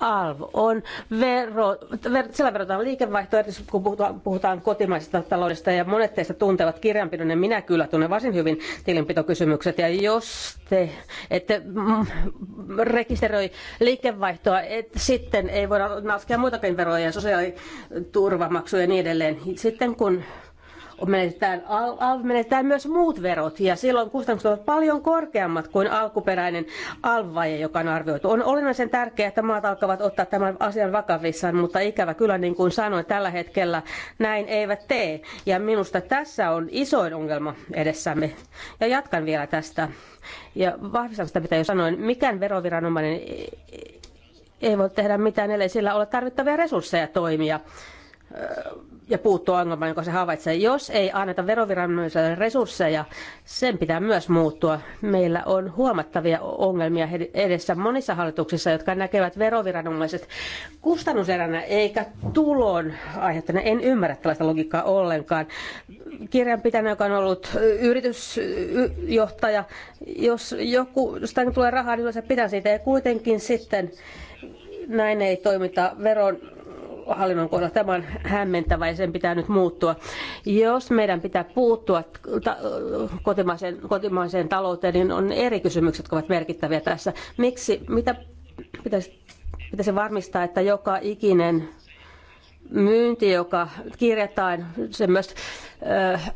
ALV on vero, ver, sillä verrataan liikevaihtoa, kun puhutaan, puhutaan kotimaisesta taloudesta ja monet teistä tuntevat kirjanpidon ja niin minä kyllä tunnen varsin hyvin tilinpitokysymykset ja jos te ette mm, rekisteröi liikevaihtoa, et, sitten ei voida laskea muitakin veroja ja sosiaaliturvamaksuja ja niin edelleen. Sitten kun menetetään, alv menetetään myös muut verot ja silloin kustannukset ovat paljon korkeammat kuin alkuperäinen alv, joka on arvioitu. On olennaisen tärkeää, että maat alkavat ottaa tämän asian vakavissaan, mutta ikävä kyllä niin kuin sanoin, tällä hetkellä näin eivät tee. Ja minusta tässä on isoin ongelma edessämme. Ja jatkan vielä tästä. Ja vahvistan sitä, mitä jo sanoin. Mikään veroviranomainen ei voi tehdä mitään, ellei sillä ole tarvittavia resursseja toimia ja puuttua ongelmaan, jonka se havaitsee. Jos ei anneta veroviranomaisille resursseja, sen pitää myös muuttua. Meillä on huomattavia ongelmia edessä monissa hallituksissa, jotka näkevät veroviranomaiset kustannuseränä eikä tulon aiheuttajana. En ymmärrä tällaista logiikkaa ollenkaan. Kirjanpitäjänä, joka on ollut yritysjohtaja, jos joku, jos tulee rahaa, niin se pitää siitä ja kuitenkin sitten näin ei toimita veron hallinnon kohdalla. Tämä on hämmentävä ja sen pitää nyt muuttua. Jos meidän pitää puuttua ta- kotimaiseen, kotimaiseen talouteen, niin on eri kysymykset, jotka ovat merkittäviä tässä. Miksi, mitä pitäisi, pitäisi varmistaa, että joka ikinen myynti, joka kirjataan se myös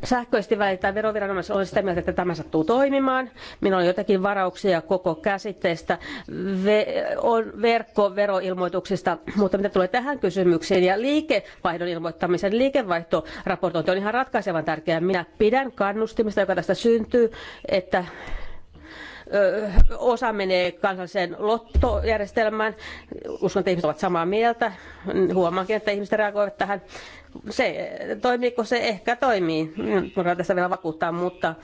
sähköisesti välitetään veroviranomaisille, olen sitä mieltä, että tämä sattuu toimimaan. Minulla on jotakin varauksia koko käsitteestä ve- on verkkoveroilmoituksista, mutta mitä tulee tähän kysymykseen ja liikevaihdon ilmoittamisen, liikevaihtoraportointi on ihan ratkaisevan tärkeää. Minä pidän kannustimista, joka tästä syntyy, että osa menee kansalliseen lottojärjestelmään. Uskon, että ihmiset ovat samaa mieltä. Huomaankin, että ihmiset reagoivat tähän. Se, toimiiko se? Ehkä toimii. Voidaan tässä vielä vakuuttaa, mutta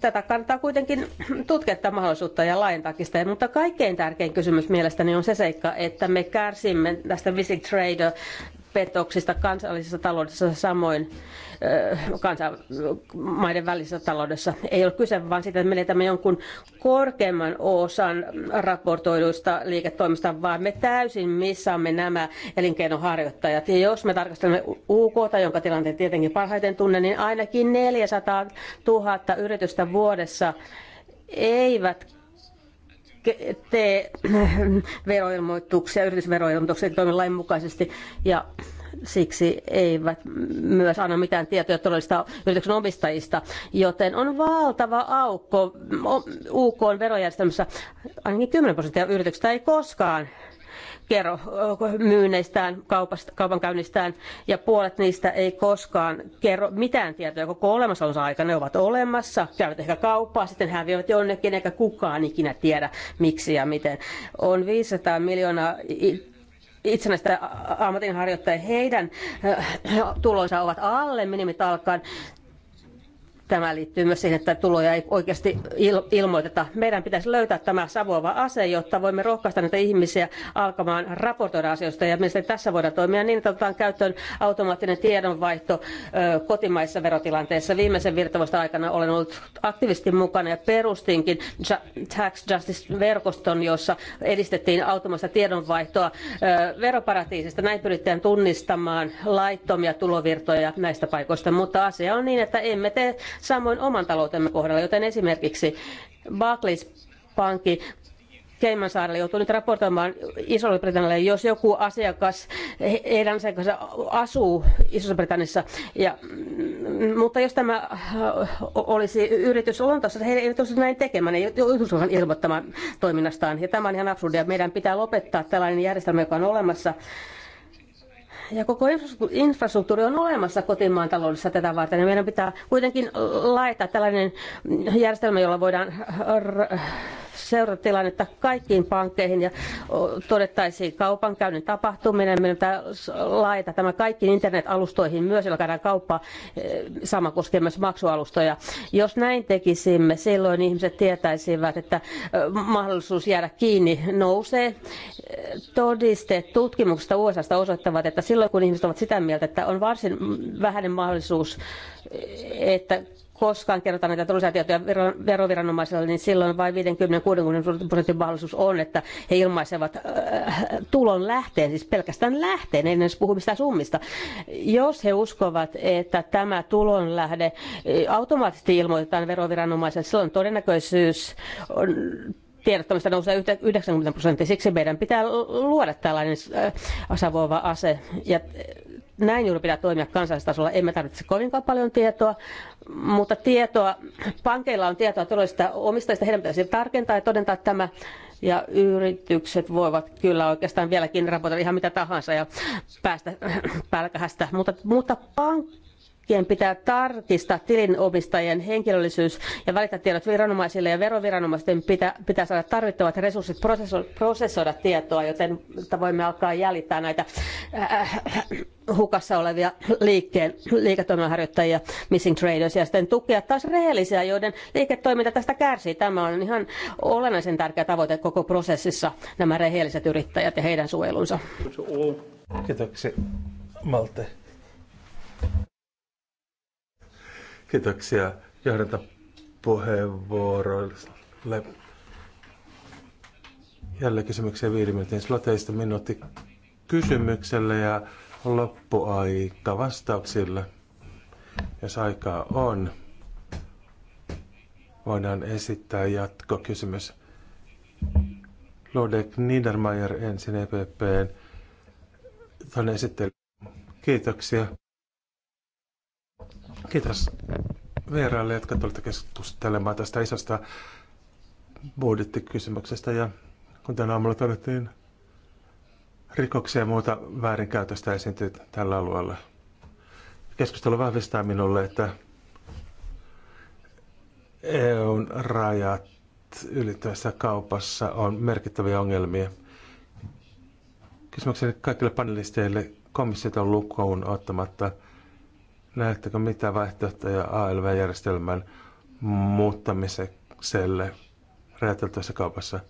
tätä kannattaa kuitenkin tutkia tätä mahdollisuutta ja laajentaakin sitä. Mutta kaikkein tärkein kysymys mielestäni on se seikka, että me kärsimme tästä Visit Trader petoksista kansallisessa taloudessa samoin kansa, maiden välisessä taloudessa. Ei ole kyse vaan siitä, että menetämme jonkun korkeamman osan raportoiduista liiketoimista, vaan me täysin missaamme nämä elinkeinoharjoittajat. Ja jos me tarkastelemme UK, jonka tilanteen tietenkin parhaiten tunnen, niin ainakin 400 000 yritystä vuodessa eivät tee eh, veroilmoituksia, yritysveroilmoituksia toimin lain mukaisesti ja siksi eivät myös anna mitään tietoja todellista yrityksen omistajista, joten on valtava aukko UK verojärjestelmässä. Ainakin 10 prosenttia yrityksistä ei koskaan kerro myynneistään, kaupasta, kaupankäynnistään, ja puolet niistä ei koskaan kerro mitään tietoja koko olemassaolonsa aikana. Ne ovat olemassa, käyvät ehkä kauppaa, sitten häviävät jonnekin, eikä kukaan ikinä tiedä miksi ja miten. On 500 miljoonaa itsenäistä ammatinharjoittajia, heidän tulonsa ovat alle minimitalkan. Tämä liittyy myös siihen, että tuloja ei oikeasti ilmoiteta. Meidän pitäisi löytää tämä savuava ase, jotta voimme rohkaista näitä ihmisiä alkamaan raportoida asioista. Ja mielestäni tässä voidaan toimia niin, että otetaan käyttöön automaattinen tiedonvaihto kotimaissa verotilanteissa. Viimeisen virtavuosta aikana olen ollut aktiivisesti mukana ja perustinkin Tax Justice-verkoston, jossa edistettiin automaattista tiedonvaihtoa veroparatiisista. Näin pyrittiin tunnistamaan laittomia tulovirtoja näistä paikoista, mutta asia on niin, että emme tee samoin oman taloutemme kohdalla, joten esimerkiksi Barclays pankki Caymansaarelle joutuu nyt raportoimaan isolle britannialle jos joku asiakas, heidän asiakkaansa asuu Iso-Britanniassa. Ja, mm, mutta jos tämä äh, olisi yritys Lontoossa, he eivät olisi näin tekemään, ei joutuisikaan ilmoittamaan toiminnastaan. Ja tämä on ihan absurdia. Meidän pitää lopettaa tällainen järjestelmä, joka on olemassa ja koko infrastruktuuri on olemassa kotimaan taloudessa tätä varten. Ja meidän pitää kuitenkin laittaa tällainen järjestelmä, jolla voidaan seurata tilannetta kaikkiin pankkeihin ja todettaisiin kaupankäynnin tapahtuminen. Meidän pitää laita tämä kaikkiin internet-alustoihin myös, joilla käydään kauppaa. Eh, sama koskee myös maksualustoja. Jos näin tekisimme, silloin ihmiset tietäisivät, että mahdollisuus jäädä kiinni nousee. Eh, todisteet tutkimuksesta USAsta osoittavat, että silloin silloin kun ihmiset ovat sitä mieltä, että on varsin vähäinen mahdollisuus, että koskaan kerrotaan näitä tulisia tietoja veroviranomaisille, niin silloin vain 50-60 prosentin mahdollisuus on, että he ilmaisevat äh, tulon lähteen, siis pelkästään lähteen, ei edes puhu mistään summista. Jos he uskovat, että tämä tulon lähde äh, automaattisesti ilmoitetaan veroviranomaiselle, silloin todennäköisyys on tiedottamista nousee 90 prosenttia. Siksi meidän pitää luoda tällainen äh, asavoiva ase. Ja äh, näin juuri pitää toimia kansallistasolla. Emme tarvitse kovinkaan paljon tietoa, mutta tietoa, pankeilla on tietoa todellisista omistajista. Heidän pitäisi tarkentaa ja todentaa tämä. Ja yritykset voivat kyllä oikeastaan vieläkin raportoida ihan mitä tahansa ja päästä äh, pälkähästä. Mutta, mutta pankki pankkien pitää tarkistaa tilinomistajien henkilöllisyys ja välittää tiedot viranomaisille ja veroviranomaisten pitää, pitää saada tarvittavat resurssit prosessoida tietoa, joten voimme alkaa jäljittää näitä äh, äh, äh, hukassa olevia liikkeen, liiketoiminnanharjoittajia, missing traders, ja sitten tukea taas rehellisiä, joiden liiketoiminta tästä kärsii. Tämä on ihan olennaisen tärkeä tavoite koko prosessissa, nämä rehelliset yrittäjät ja heidän suojelunsa. Kiitoksia, Malte. Kiitoksia johdantapuheenvuoroille. Jälleen kysymyksiä viiden minuutin sloteista minuutti kysymykselle ja loppuaika vastauksille. Jos aikaa on, voidaan esittää jatkokysymys. Lodek Niedermayer ensin EPPn. esittely. Kiitoksia. Kiitos vieraille, jotka tulitte keskustelemaan tästä isosta budjettikysymyksestä. Ja kun tänä aamulla todettiin, rikoksia ja muuta väärinkäytöstä esiintyy tällä alueella. Keskustelu vahvistaa minulle, että EUn rajat ylittävässä kaupassa on merkittäviä ongelmia. Kysymykseni kaikille panelisteille komissiota lukuun ottamatta – Näettekö mitä vaihtoehtoja ALV-järjestelmän muuttamiselle räätältöissä kaupassa?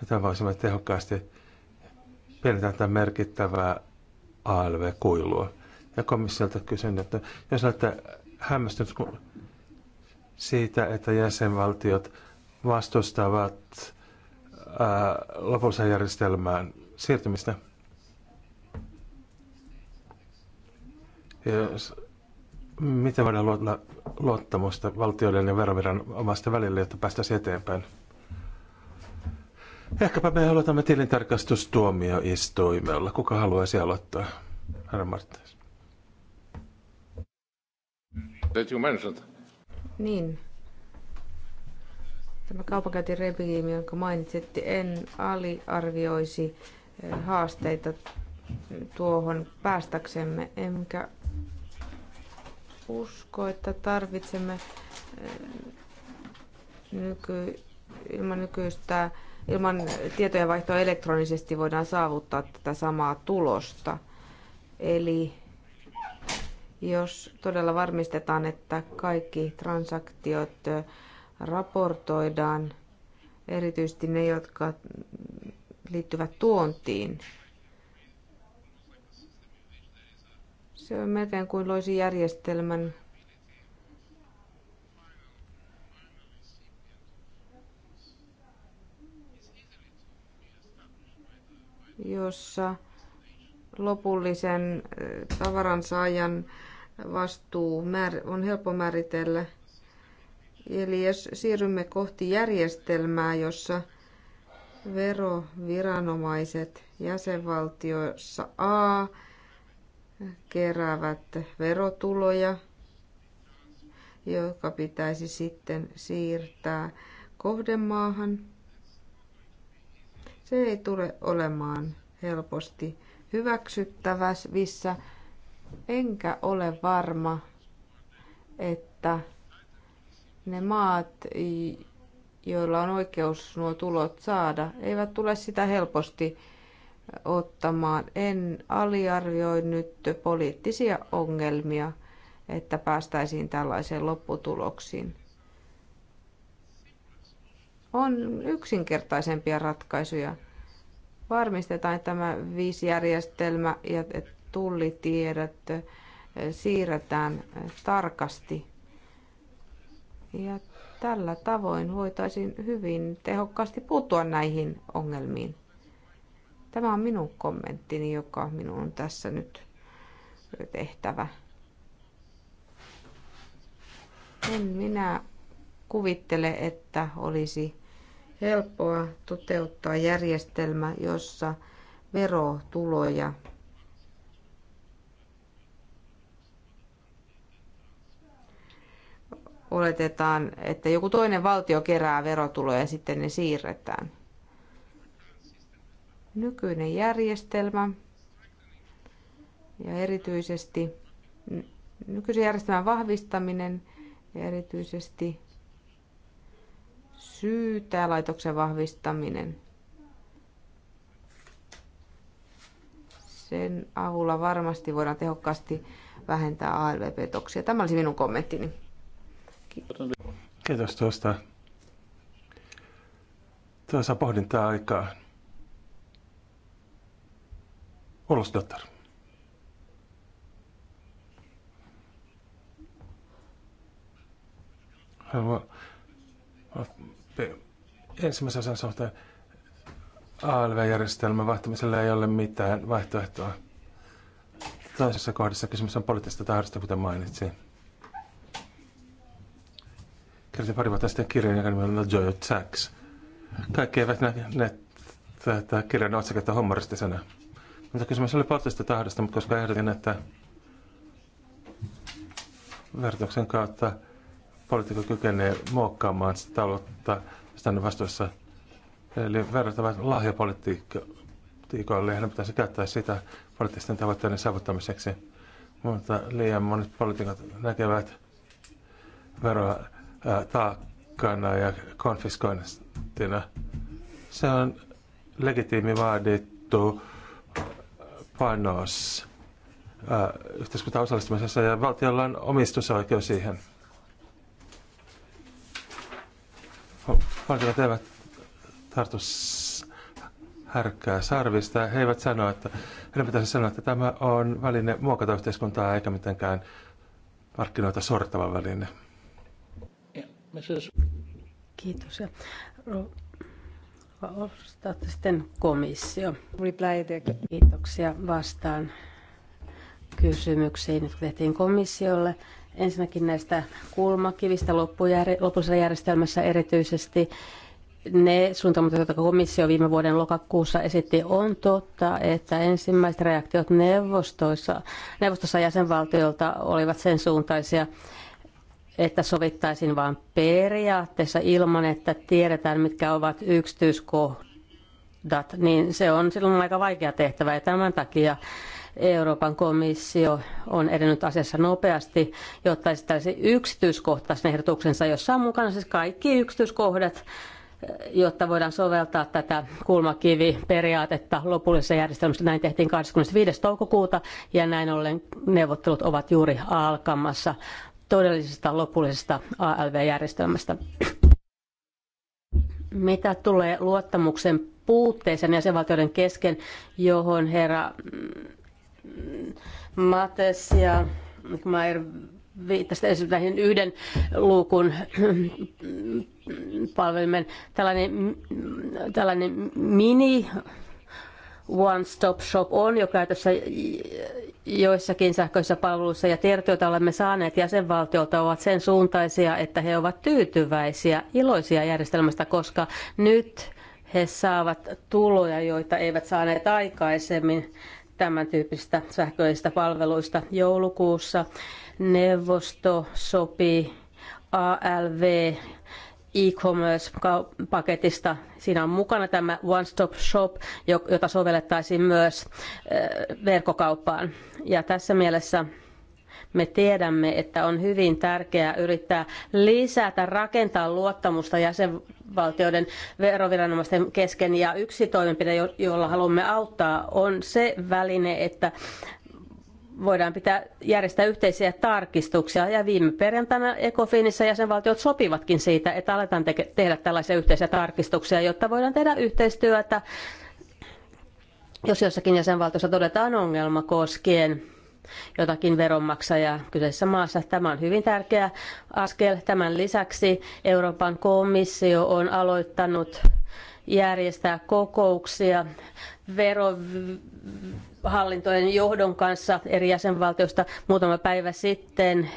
Mitä voisimme tehokkaasti pienentää merkittävää ALV-kuilua? Ja komissiolta kysyn, että jos olette hämmästynyt siitä, että jäsenvaltiot vastustavat lopullisen järjestelmään siirtymistä, ja jos Miten voidaan luoda luottamusta valtioiden ja veroviran omasta välillä, jotta päästäisiin eteenpäin? Ehkäpä me aloitamme tilintarkastustuomioistuimella. Kuka haluaisi aloittaa? Herra Marttais. That you Niin. Tämä kaupankäyntiregiimi, jonka mainitsitte, en aliarvioisi eh, haasteita tuohon päästäksemme, enkä usko, että tarvitsemme eh, nyky, ilman nykyistä, ilman tietojenvaihtoa elektronisesti voidaan saavuttaa tätä samaa tulosta. Eli jos todella varmistetaan, että kaikki transaktiot eh, raportoidaan, erityisesti ne, jotka liittyvät tuontiin, Se on melkein kuin loisi järjestelmän jossa lopullisen eh, tavaran saajan vastuu on helppo määritellä. Eli jos siirrymme kohti järjestelmää, jossa veroviranomaiset jäsenvaltiossa A keräävät verotuloja, joka pitäisi sitten siirtää kohdemaahan. Se ei tule olemaan helposti hyväksyttävässä, enkä ole varma, että ne maat, joilla on oikeus nuo tulot saada, eivät tule sitä helposti ottamaan. En aliarvioi nyt poliittisia ongelmia, että päästäisiin tällaiseen lopputuloksiin. On yksinkertaisempia ratkaisuja. Varmistetaan että tämä järjestelmä ja tullitiedot siirretään tarkasti. Ja tällä tavoin voitaisiin hyvin tehokkaasti puuttua näihin ongelmiin. Tämä on minun kommenttini, joka minun on tässä nyt tehtävä. En minä kuvittele, että olisi helppoa toteuttaa järjestelmä, jossa verotuloja oletetaan, että joku toinen valtio kerää verotuloja ja sitten ne siirretään. Nykyinen järjestelmä ja erityisesti nykyisen järjestelmän vahvistaminen ja erityisesti laitoksen vahvistaminen. Sen avulla varmasti voidaan tehokkaasti vähentää ALV-petoksia. Tämä olisi minun kommenttini. Kiitos, Kiitos tuosta. Tuossa pohdintaa aikaa. Puolustusdoktor. Haluan ensimmäisen osan suhteen ALV-järjestelmän vaihtamiselle ei ole mitään vaihtoehtoa. Toisessa kohdassa kysymys on poliittisesta tahdosta, kuten mainitsin. Kirjoitin pari vuotta sitten kirjan, joka nimellä on Joy Sacks. Kaikki eivät näe tätä kirjan otsiketta humoristisena. Mutta kysymys oli poliittisesta tahdosta, mutta koska ehdotin, että vertauksen kautta poliitikko kykenee muokkaamaan sitä taloutta, sitä on vastuussa. Eli verrattavat lahjapolitiikoille, hän pitäisi käyttää sitä poliittisten tavoitteiden saavuttamiseksi. Mutta liian monet poliitikot näkevät veroa ää, taakkana ja konfiskoinnistina. Se on legitiimi vaadittu panos äh, yhteiskuntaan osallistumisessa ja valtiolla on omistusoikeus siihen. Valtiot eivät tartu härkkää sarvista. He eivät sano, että heidän pitäisi sanoa, että tämä on väline muokata yhteiskuntaa eikä mitenkään markkinoita sortava väline. Kiitos. Vastaatte sitten komissio. Kiitoksia vastaan kysymyksiin, jotka tehtiin komissiolle. Ensinnäkin näistä kulmakivistä lopullisessa järjestelmässä erityisesti ne suunnitelmat, joita komissio viime vuoden lokakuussa esitti, on totta, että ensimmäiset reaktiot neuvostoissa, neuvostossa jäsenvaltioilta olivat sen suuntaisia, että sovittaisiin vain periaatteessa ilman, että tiedetään, mitkä ovat yksityiskohdat, niin se on silloin aika vaikea tehtävä. Ja tämän takia Euroopan komissio on edennyt asiassa nopeasti, jotta esittäisi yksityiskohtaisen ehdotuksensa, jossa on mukana siis kaikki yksityiskohdat, jotta voidaan soveltaa tätä kulmakiviperiaatetta lopullisessa järjestelmässä. Näin tehtiin 25. toukokuuta ja näin ollen neuvottelut ovat juuri alkamassa todellisesta lopullisesta ALV-järjestelmästä. Mitä tulee luottamuksen puutteeseen jäsenvaltioiden kesken, johon herra Mates ja Mayer viittasivat esimerkiksi yhden luukun palvelimen, tällainen, tällainen mini one-stop shop on jo käytössä joissakin sähköisissä palveluissa ja tiedot, joita olemme saaneet jäsenvaltiolta, ovat sen suuntaisia, että he ovat tyytyväisiä, iloisia järjestelmästä, koska nyt he saavat tuloja, joita eivät saaneet aikaisemmin tämän tyyppistä sähköisistä palveluista. Joulukuussa neuvosto sopii ALV e-commerce-paketista. Siinä on mukana tämä One Stop Shop, jota sovellettaisiin myös eh, verkkokauppaan. Ja tässä mielessä me tiedämme, että on hyvin tärkeää yrittää lisätä, rakentaa luottamusta jäsenvaltioiden veroviranomaisten kesken. Ja yksi toimenpide, jolla haluamme auttaa, on se väline, että voidaan pitää, järjestää yhteisiä tarkistuksia. Ja viime perjantaina Ecofinissa jäsenvaltiot sopivatkin siitä, että aletaan teke, tehdä tällaisia yhteisiä tarkistuksia, jotta voidaan tehdä yhteistyötä, jos jossakin jäsenvaltiossa todetaan ongelma koskien jotakin veronmaksajaa kyseisessä maassa. Tämä on hyvin tärkeä askel. Tämän lisäksi Euroopan komissio on aloittanut järjestää kokouksia vero hallintojen johdon kanssa eri jäsenvaltioista muutama päivä sitten.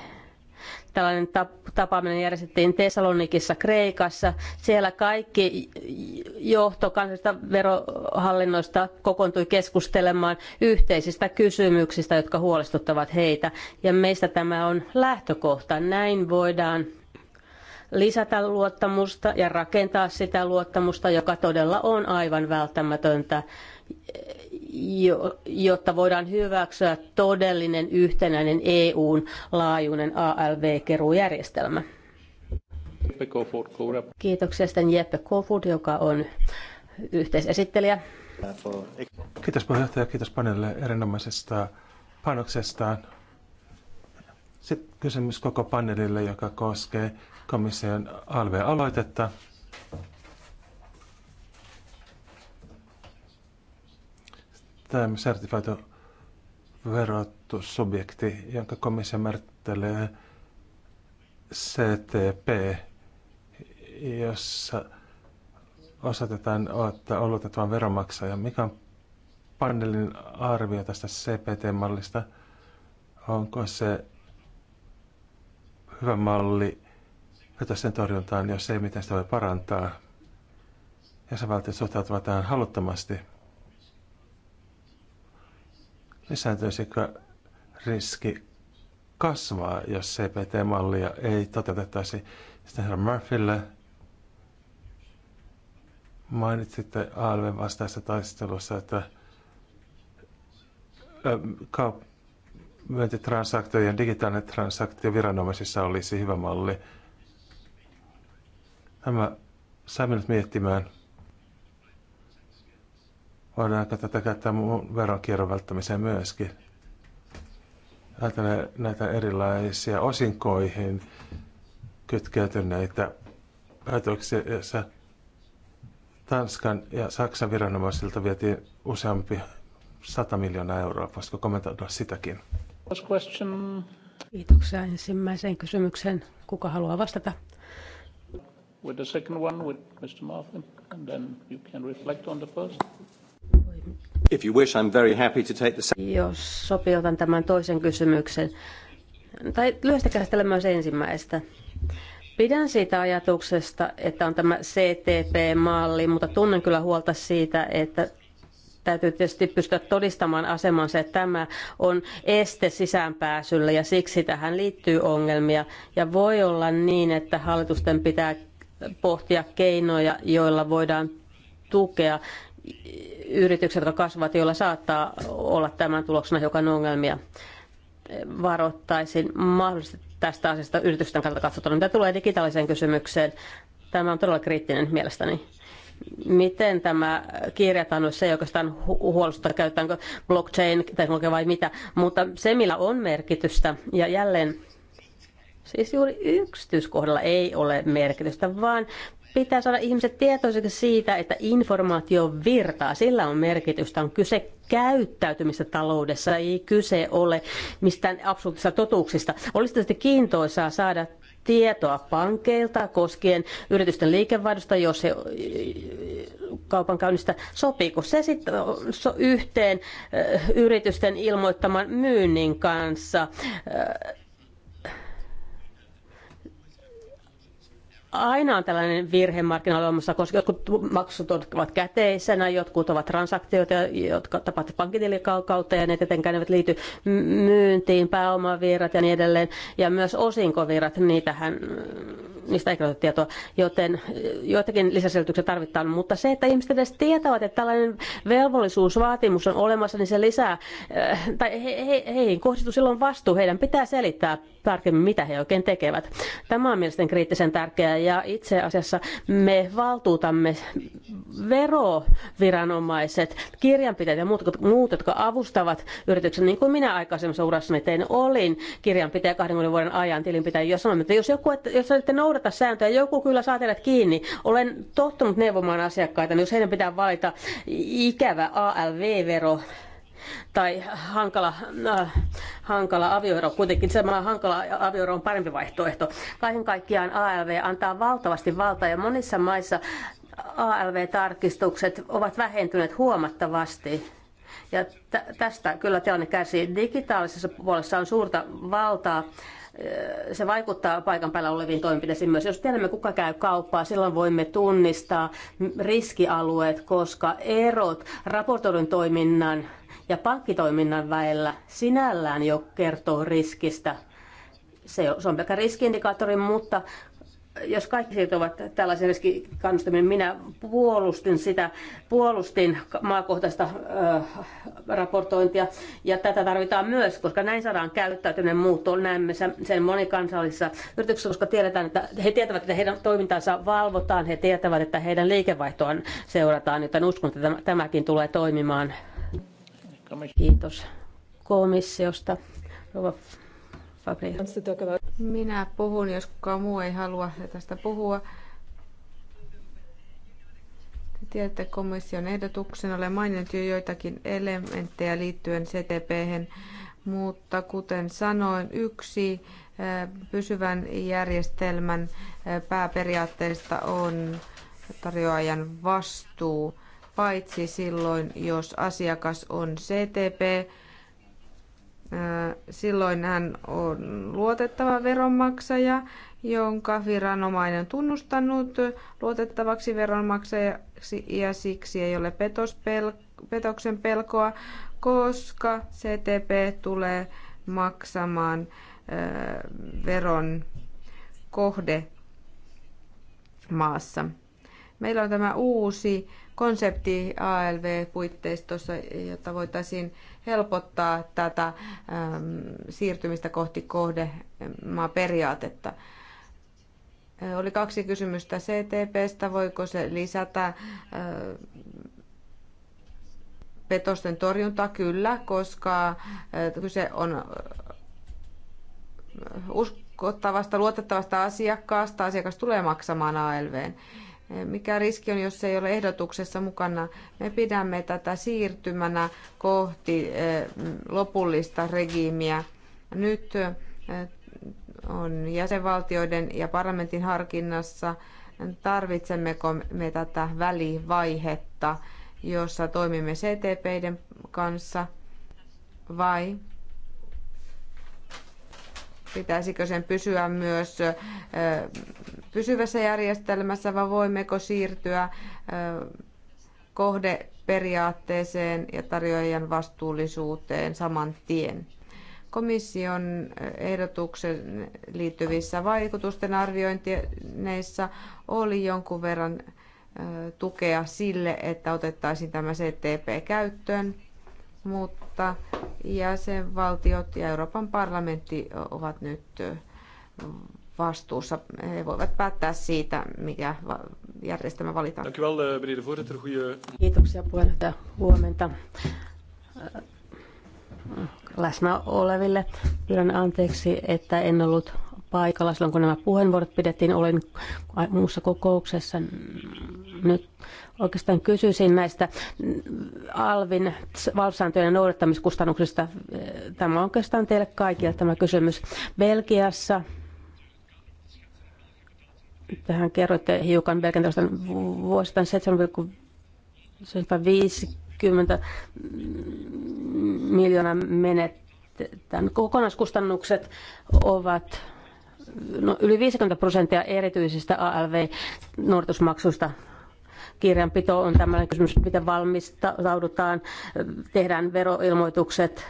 Tällainen tapaaminen järjestettiin Tesalonikissa, Kreikassa. Siellä kaikki johto kansallisista verohallinnoista kokoontui keskustelemaan yhteisistä kysymyksistä, jotka huolestuttavat heitä. Ja meistä tämä on lähtökohta. Näin voidaan lisätä luottamusta ja rakentaa sitä luottamusta, joka todella on aivan välttämätöntä jotta voidaan hyväksyä todellinen yhtenäinen EUn laajuinen ALV-keruujärjestelmä. Kiitoksia sitten Jeppe Kofod, joka on yhteisesittelijä. Kiitos puheenjohtaja, kiitos paneelille erinomaisesta panoksestaan. Sitten kysymys koko paneelille, joka koskee komission ALV aloitetta tämä sertifioitu verotussubjekti, jonka komissio määrittelee CTP, jossa osoitetaan että olutetaan veronmaksaja. Mikä on panelin arvio tästä CPT-mallista? Onko se hyvä malli sen torjuntaan, jos ei, miten sitä voi parantaa? ja Jäsenvaltiot suhtautuvat tähän haluttomasti – Lisääntyisikö riski kasvaa, jos CPT-mallia ei toteutettaisi? Sitten herra Murphylle mainitsitte ALVn vastaisessa taistelussa, että kaup- digitaalinen transaktio viranomaisissa olisi hyvä malli. Tämä sai minut miettimään – Voidaanko tätä käyttää muun veronkierron välttämiseen myöskin? Ajatellaan näitä erilaisia osinkoihin kytkeytyneitä päätöksiä, joissa Tanskan ja Saksan viranomaisilta vietiin useampi 100 miljoonaa euroa. Voisiko kommentoida sitäkin? Kiitoksia ensimmäiseen kysymykseen. Kuka haluaa vastata? With the second one with Mr. Martin, and then you can reflect on the first. If you wish, I'm very happy to take the... Jos sopii, otan tämän toisen kysymyksen. Tai lyhyesti myös ensimmäistä. Pidän siitä ajatuksesta, että on tämä CTP-malli, mutta tunnen kyllä huolta siitä, että täytyy tietysti pystyä todistamaan asemansa, että tämä on este sisäänpääsylle ja siksi tähän liittyy ongelmia. Ja voi olla niin, että hallitusten pitää pohtia keinoja, joilla voidaan tukea yritykset, jotka kasvavat, joilla saattaa olla tämän tuloksena hiukan ongelmia. Varoittaisin mahdollisesti tästä asiasta yritysten kannalta katsottuna. Mitä tulee digitaaliseen kysymykseen, tämä on todella kriittinen mielestäni. Miten tämä kirjataan, jos se ei oikeastaan hu- huolesta, käytetäänkö blockchain-teknologia vai mitä, mutta se millä on merkitystä ja jälleen Siis juuri yksityiskohdalla ei ole merkitystä, vaan Pitää saada ihmiset tietoisiksi siitä, että informaatio virtaa. Sillä on merkitystä. On kyse käyttäytymistä taloudessa. Ei kyse ole mistään absoluuttisista totuuksista. Olisi tietysti kiintoisaa saada tietoa pankeilta koskien yritysten liikevaihdosta, jos he kaupankäynnistä sopiiko se sitten yhteen yritysten ilmoittaman myynnin kanssa aina on tällainen virhe markkinoilla olemassa, koska jotkut maksut ovat käteisenä, jotkut ovat transaktioita, jotka tapahtuvat pankkitilin kautta ja ne tietenkään eivät liity myyntiin, pääomavirrat ja niin edelleen. Ja myös osinkovirrat, niitähän, niistä ei ole tietoa, joten eh, joitakin lisäselityksiä tarvitaan. Mutta se, että ihmiset edes tietävät, että tällainen velvollisuusvaatimus on olemassa, niin se lisää, eh, tai heihin he, he, kohdistuu silloin vastuu. Heidän pitää selittää tarkemmin, mitä he oikein tekevät. Tämä on mielestäni kriittisen tärkeää ja itse asiassa me valtuutamme veroviranomaiset, kirjanpitäjät ja muut, jotka avustavat yrityksen, niin kuin minä aikaisemmassa urassani tein, olin kirjanpitäjä 20 vuoden ajan tilinpitäjä, jos sanoin, että jos, joku, että, jos ette noudata sääntöjä, joku kyllä saa teidät kiinni. Olen tottunut neuvomaan asiakkaita, niin jos heidän pitää valita ikävä ALV-vero, tai hankala, äh, hankala avioero. Kuitenkin semmoinen hankala avioero on parempi vaihtoehto. Kaiken kaikkiaan ALV antaa valtavasti valtaa ja monissa maissa ALV-tarkistukset ovat vähentyneet huomattavasti. Ja tästä kyllä tilanne kärsii. Digitaalisessa puolessa on suurta valtaa se vaikuttaa paikan päällä oleviin toimenpiteisiin myös. Jos tiedämme, kuka käy kauppaa, silloin voimme tunnistaa riskialueet, koska erot raportoidun toiminnan ja pankkitoiminnan väellä sinällään jo kertoo riskistä. Se on pelkä riskiindikaattori, mutta jos kaikki siirtyvät tällaisen riskikannustamiin, minä puolustin sitä, puolustin maakohtaista ö, raportointia ja tätä tarvitaan myös, koska näin saadaan käyttäytyminen muuttoon. Näemme sen monikansallisissa yrityksissä, koska tiedetään, että he tietävät, että heidän toimintaansa valvotaan, he tietävät, että heidän liikevaihtoaan seurataan, joten uskon, että tämäkin tulee toimimaan Kiitos komissiosta. Minä puhun, jos kukaan muu ei halua tästä puhua. Te tiedätte komission ehdotuksen. Olen maininnut jo joitakin elementtejä liittyen ctp mutta kuten sanoin, yksi eh, pysyvän järjestelmän eh, pääperiaatteista on tarjoajan vastuu paitsi silloin, jos asiakas on CTP. Silloin hän on luotettava veronmaksaja, jonka viranomainen on tunnustanut luotettavaksi veronmaksajaksi ja siksi ei ole petospel- petoksen pelkoa, koska CTP tulee maksamaan veron kohde maassa. Meillä on tämä uusi konsepti ALV-puitteistossa, jotta voitaisiin helpottaa tätä siirtymistä kohti kohdemaaperiaatetta. Oli kaksi kysymystä CTPstä, voiko se lisätä petosten torjuntaa? Kyllä, koska kyse on uskottavasta, luotettavasta asiakkaasta. Asiakas tulee maksamaan ALVn. Mikä riski on, jos se ei ole ehdotuksessa mukana? Me pidämme tätä siirtymänä kohti eh, lopullista regiimiä. Nyt eh, on jäsenvaltioiden ja parlamentin harkinnassa, tarvitsemmeko me tätä välivaihetta, jossa toimimme CTPiden kanssa vai Pitäisikö sen pysyä myös pysyvässä järjestelmässä vai voimmeko siirtyä kohdeperiaatteeseen ja tarjoajan vastuullisuuteen saman tien? komission ehdotuksen liittyvissä vaikutusten arviointineissa oli jonkun verran tukea sille, että otettaisiin tämä CTP käyttöön mutta jäsenvaltiot ja Euroopan parlamentti ovat nyt vastuussa. He voivat päättää siitä, mikä järjestelmä valitaan. Eh, Kiitoksia puheenjohtaja. Huomenta läsnä oleville. Pyydän anteeksi, että en ollut paikalla silloin, kun nämä puheenvuorot pidettiin. Olin muussa kokouksessa. Nyt Oikeastaan kysyisin näistä Alvin valvsääntöjen noudattamiskustannuksista. Tämä on oikeastaan teille kaikille tämä kysymys. Belgiassa Tähän kerroitte hiukan Belgian vuosittain 7,50 miljoonaa menetetään. Kokonaiskustannukset ovat no, yli 50 prosenttia erityisistä ALV-noudatusmaksuista kirjanpito on tämmöinen kysymys, miten valmistaudutaan, tehdään veroilmoitukset,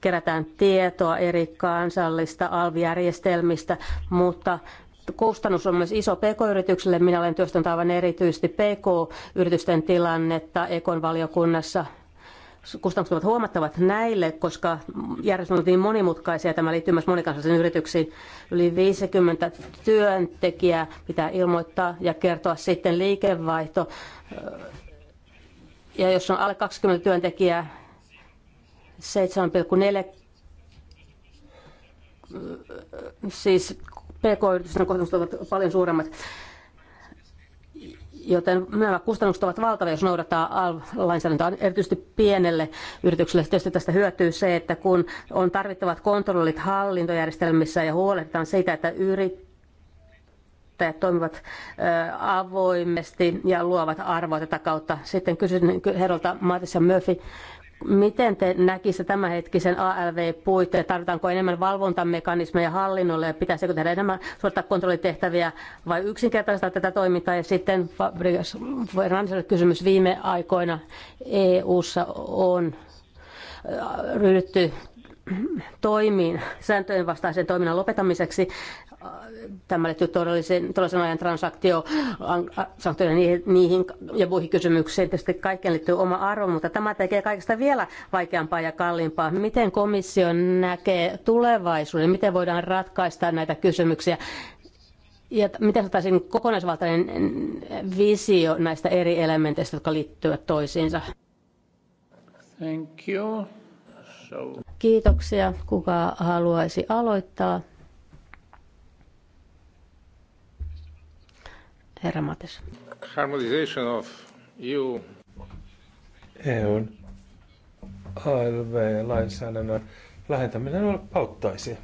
kerätään tietoa eri kansallista alvijärjestelmistä, mutta kustannus on myös iso pk-yrityksille. Minä olen työstänyt aivan erityisesti pk-yritysten tilannetta Ekon valiokunnassa kustannukset ovat huomattavat näille, koska järjestelmä on niin monimutkaisia tämä liittyy myös monikansallisiin yrityksiin. Yli 50 työntekijää pitää ilmoittaa ja kertoa sitten liikevaihto. Ja jos on alle 20 työntekijää, 7,4 siis pk-yritysten kustannukset ovat paljon suuremmat. Joten nämä kustannukset ovat valtavia, jos noudattaa ALV-lainsäädäntöä erityisesti pienelle yritykselle. Tietysti tästä hyötyy se, että kun on tarvittavat kontrollit hallintojärjestelmissä ja huolehditaan siitä, että yrittäjät toimivat avoimesti ja luovat arvoa tätä kautta. Sitten kysyn herralta Matis ja Murphy, Miten te näkisitte tämänhetkisen ALV-puitteet? Tarvitaanko enemmän valvontamekanismeja hallinnolle ja pitäisikö tehdä enemmän suorittaa kontrollitehtäviä vai yksinkertaistaa tätä toimintaa? Ja sitten Ranselle kysymys viime aikoina EU:ssa on äh, ryhdytty toimiin, sääntöjen vastaisen toiminnan lopetamiseksi Tämä liittyy todellisen, todellisen ajan transaktio, sanktioiden niihin, niihin ja muihin kysymyksiin. Tietysti kaikkeen liittyy oma arvo, mutta tämä tekee kaikesta vielä vaikeampaa ja kalliimpaa. Miten komissio näkee tulevaisuuden? Miten voidaan ratkaista näitä kysymyksiä? Ja miten saataisiin kokonaisvaltainen visio näistä eri elementeistä, jotka liittyvät toisiinsa? Thank you. Kiitoksia. Kuka haluaisi aloittaa? Herra Mates. Harmonization of EU. EUn ALV-lainsäädännön lähentäminen auttaisi.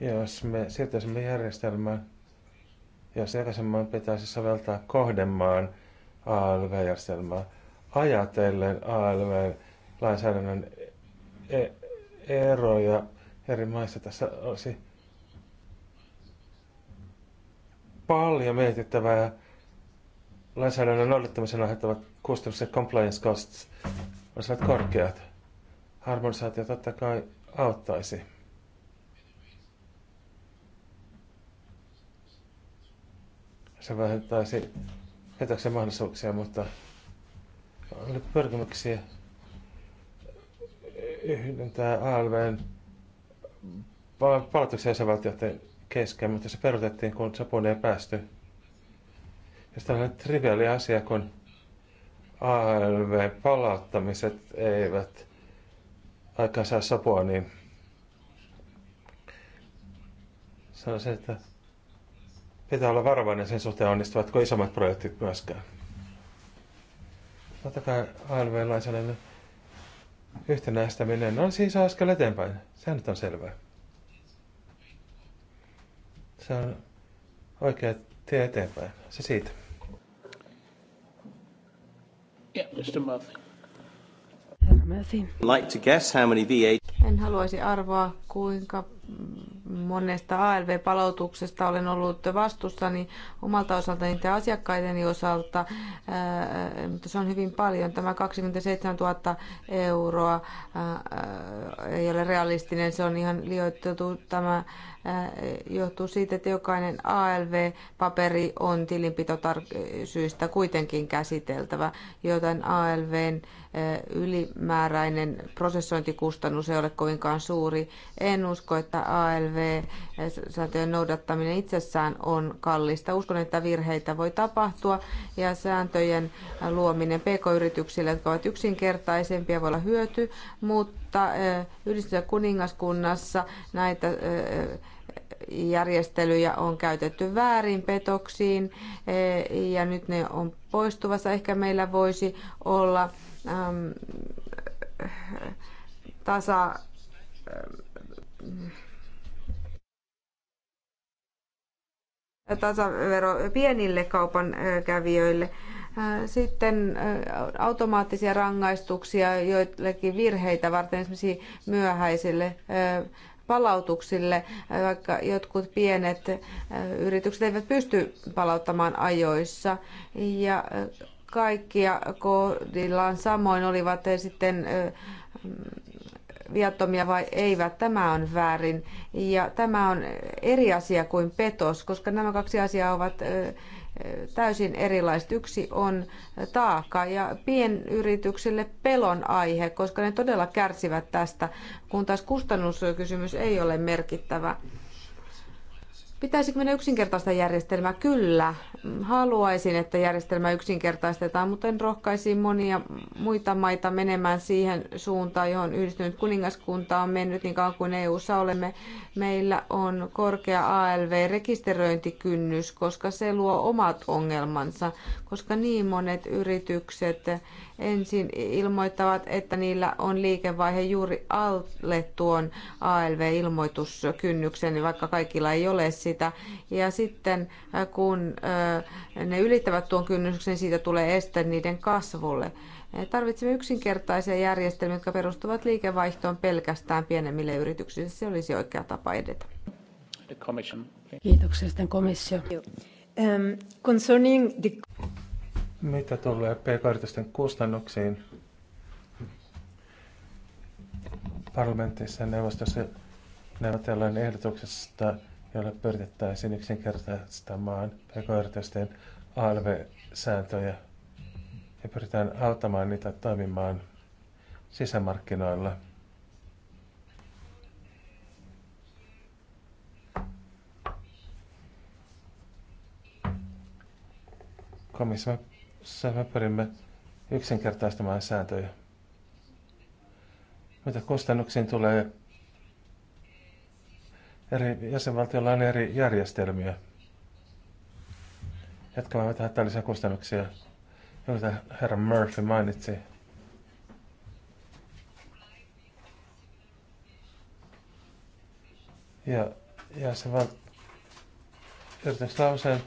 Jos me siirtäisimme järjestelmään ja jäsenmaan pitäisi soveltaa kohdemaan ALV-järjestelmää ajatellen ALV-lainsäädännön e-, eroja eri maissa. Tässä olisi paljon mietittävää lainsäädännön noudattamisen aiheuttavat kustannukset compliance costs olisivat korkeat. Harmonisaatio totta kai auttaisi. se vähentäisi petoksen mahdollisuuksia, mutta oli pyrkimyksiä yhdentää ALVn palautuksen jäsenvaltioiden kesken, mutta se perutettiin, kun Sapuun ei päästy. Ja tällainen triviaali asia, kun ALV-palauttamiset eivät aikaan saa Sapua, niin sanoisin, että Pitää olla varovainen sen suhteen, onnistuvatko isommat projektit myöskään. Totta kai ALV-lainsäädännön yhtenäistäminen on siis askel eteenpäin. Se nyt on selvää. Se on oikea tie eteenpäin. Se siitä. Yeah, Mr. Murphy. Like to guess how many V8. En haluaisi arvoa, kuinka mm, monesta ALV-palautuksesta olen ollut vastuussani omalta osaltani niiden asiakkaideni osalta, mutta se on hyvin paljon. Tämä 27 000 euroa ei ole realistinen, se on ihan liioiteltu. Tämä johtuu siitä, että jokainen ALV-paperi on tilinpitosyistä kuitenkin käsiteltävä, joten ALVn ylimääräinen prosessointikustannus ei ole kovinkaan suuri. En usko, että ALV DSV-sääntöjen noudattaminen itsessään on kallista. Uskon, että virheitä voi tapahtua ja sääntöjen luominen pk-yrityksille, jotka ovat yksinkertaisempia, voi olla hyöty, mutta eh, yhdistyneessä kuningaskunnassa näitä eh, järjestelyjä on käytetty väärin petoksiin eh, ja nyt ne on poistuvassa. Ehkä meillä voisi olla tasa tasavero pienille kaupan kävijöille. Sitten automaattisia rangaistuksia joillekin virheitä varten, esimerkiksi myöhäisille palautuksille, vaikka jotkut pienet yritykset eivät pysty palauttamaan ajoissa. Ja kaikkia kohdillaan samoin olivat sitten viattomia vai eivät, tämä on väärin. Ja tämä on eri asia kuin petos, koska nämä kaksi asiaa ovat täysin erilaiset. Yksi on taakka ja pienyrityksille pelon aihe, koska ne todella kärsivät tästä, kun taas kustannuskysymys ei ole merkittävä. Pitäisikö mennä yksinkertaista järjestelmää? Kyllä. Mm, haluaisin, että järjestelmä yksinkertaistetaan, mutta en rohkaisi monia muita maita menemään siihen suuntaan, johon yhdistynyt kuningaskunta on mennyt niin kauan kuin EU-ssa olemme. Meillä on korkea ALV-rekisteröintikynnys, koska se luo omat ongelmansa, koska niin monet yritykset ensin ilmoittavat, että niillä on liikevaihe juuri alle tuon ALV-ilmoituskynnyksen, niin vaikka kaikilla ei ole sitä. Ja sitten äh, kun äh, ne ylittävät tuon kynnyksen, niin siitä tulee este niiden kasvulle. Tarvitsemme yksinkertaisia järjestelmiä, jotka perustuvat liikevaihtoon pelkästään pienemmille yrityksille. Se olisi oikea tapa edetä. Kiitoksia sitten komissio. Um, concerning the... Mitä tulee P-kartisten kustannuksiin? Parlamentissa ja neuvostossa neuvotellaan ehdotuksesta, jolla pyritettäisiin yksinkertaistamaan pk-yritysten ALV-sääntöjä ja pyritään auttamaan niitä toimimaan sisämarkkinoilla. komissio jossa me pyrimme yksinkertaistamaan sääntöjä. Mitä kustannuksiin tulee, eri jäsenvaltioilla on eri järjestelmiä, jotka voivat haittaa kustannuksia, joita herra Murphy mainitsi. Ja, ja se val... yritys lauseen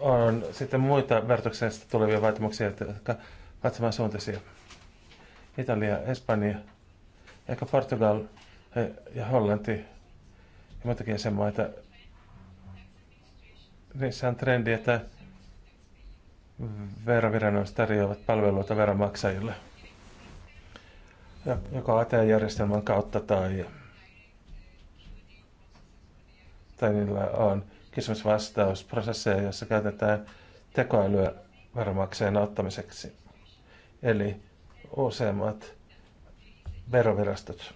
on sitten muita verotuksesta tulevia vaatimuksia, jotka katsomaan suuntaisia. Italia, Espanja, ehkä Portugal ja Hollanti ja muitakin jäsenmaita. Niissä on trendi, että veroviranomaiset tarjoavat palveluita veronmaksajille, joko ATE-järjestelmän kautta tai, tai niillä on kysymysvastausprosesseja, joissa käytetään tekoälyä veromakseen auttamiseksi. Eli useimmat verovirastot,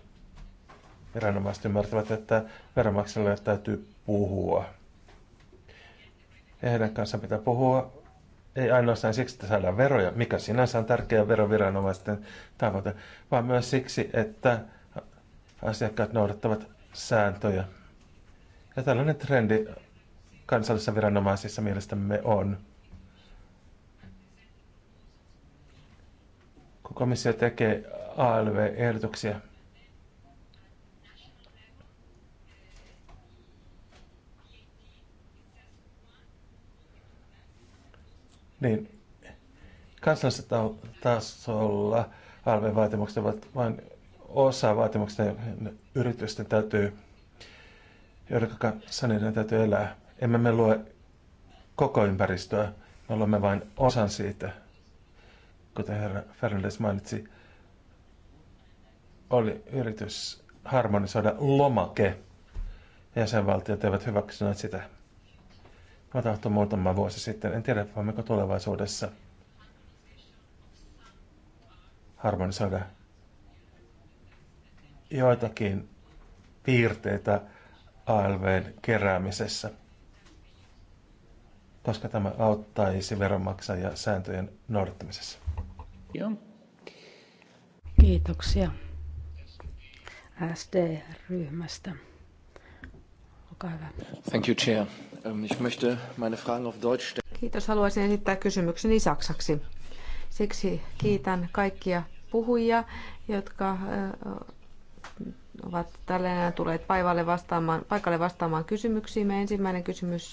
viranomaiset ymmärtävät, että veromaksajalle täytyy puhua. Ja heidän kanssa pitää puhua ei ainoastaan siksi, että saadaan veroja, mikä sinänsä on tärkeä veroviranomaisten tavoite, vaan myös siksi, että asiakkaat noudattavat sääntöjä. Ja tällainen trendi kansallisissa viranomaisissa mielestämme on. Kun komissio tekee ALV-ehdotuksia, niin kansallisella tasolla ALV-vaatimukset ovat vain osa vaatimuksista, yritysten täytyy, joiden kanssa täytyy elää. Emme me lue koko ympäristöä, me luomme vain osan siitä. Kuten herra Fernandes mainitsi, oli yritys harmonisoida lomake. Jäsenvaltiot eivät hyväksyneet sitä. Mä tahtoin muutama vuosi sitten, en tiedä voimmeko tulevaisuudessa harmonisoida joitakin piirteitä ALVn keräämisessä koska tämä auttaisi veronmaksajia sääntöjen noudattamisessa. Joo. Kiitoksia SD-ryhmästä. Olkaa hyvä. Thank you, Chair. Ähm, ich möchte meine Fragen auf Deutsch stellen. Kiitos. Haluaisin esittää kysymykseni saksaksi. Siksi kiitän kaikkia puhujia, jotka äh, ovat tällä tulleet paikalle vastaamaan, paikalle vastaamaan Ensimmäinen kysymys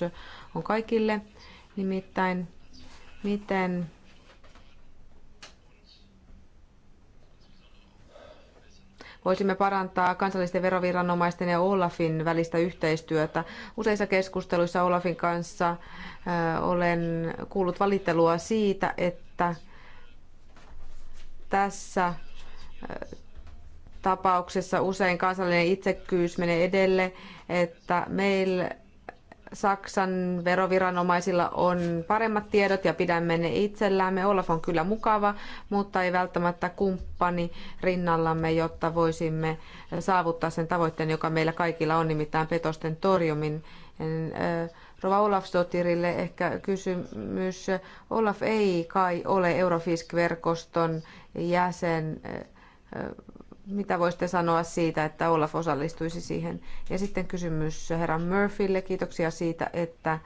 on kaikille. Nimittäin, miten voisimme parantaa kansallisten veroviranomaisten ja Olafin välistä yhteistyötä. Useissa keskusteluissa Olafin kanssa olen kuullut valittelua siitä, että tässä tapauksessa usein kansallinen itsekkyys menee edelle, että meillä Saksan veroviranomaisilla on paremmat tiedot ja pidämme ne itsellämme. Olaf on kyllä mukava, mutta ei välttämättä kumppani rinnallamme, jotta voisimme saavuttaa sen tavoitteen, joka meillä kaikilla on, nimittäin petosten torjumin. Rova Olafsdottirille ehkä kysymys. Olaf ei kai ole Eurofisk-verkoston jäsen mitä voisitte sanoa siitä, että Olaf osallistuisi siihen? Ja sitten kysymys herra Murphylle. Kiitoksia siitä, että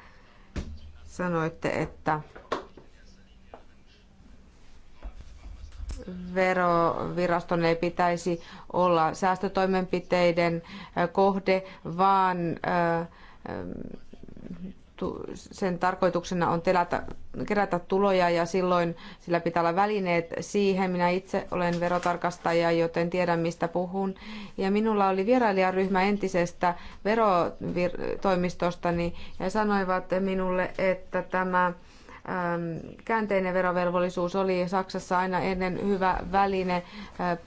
sanoitte, että veroviraston ei pitäisi olla säästötoimenpiteiden kohde, vaan sen tarkoituksena on telätä, kerätä tuloja ja silloin sillä pitää olla välineet siihen. Minä itse olen verotarkastaja, joten tiedän mistä puhun. Ja minulla oli vierailijaryhmä entisestä verotoimistostani niin ja sanoivat minulle, että tämä ähm, käänteinen verovelvollisuus oli Saksassa aina ennen hyvä väline äh,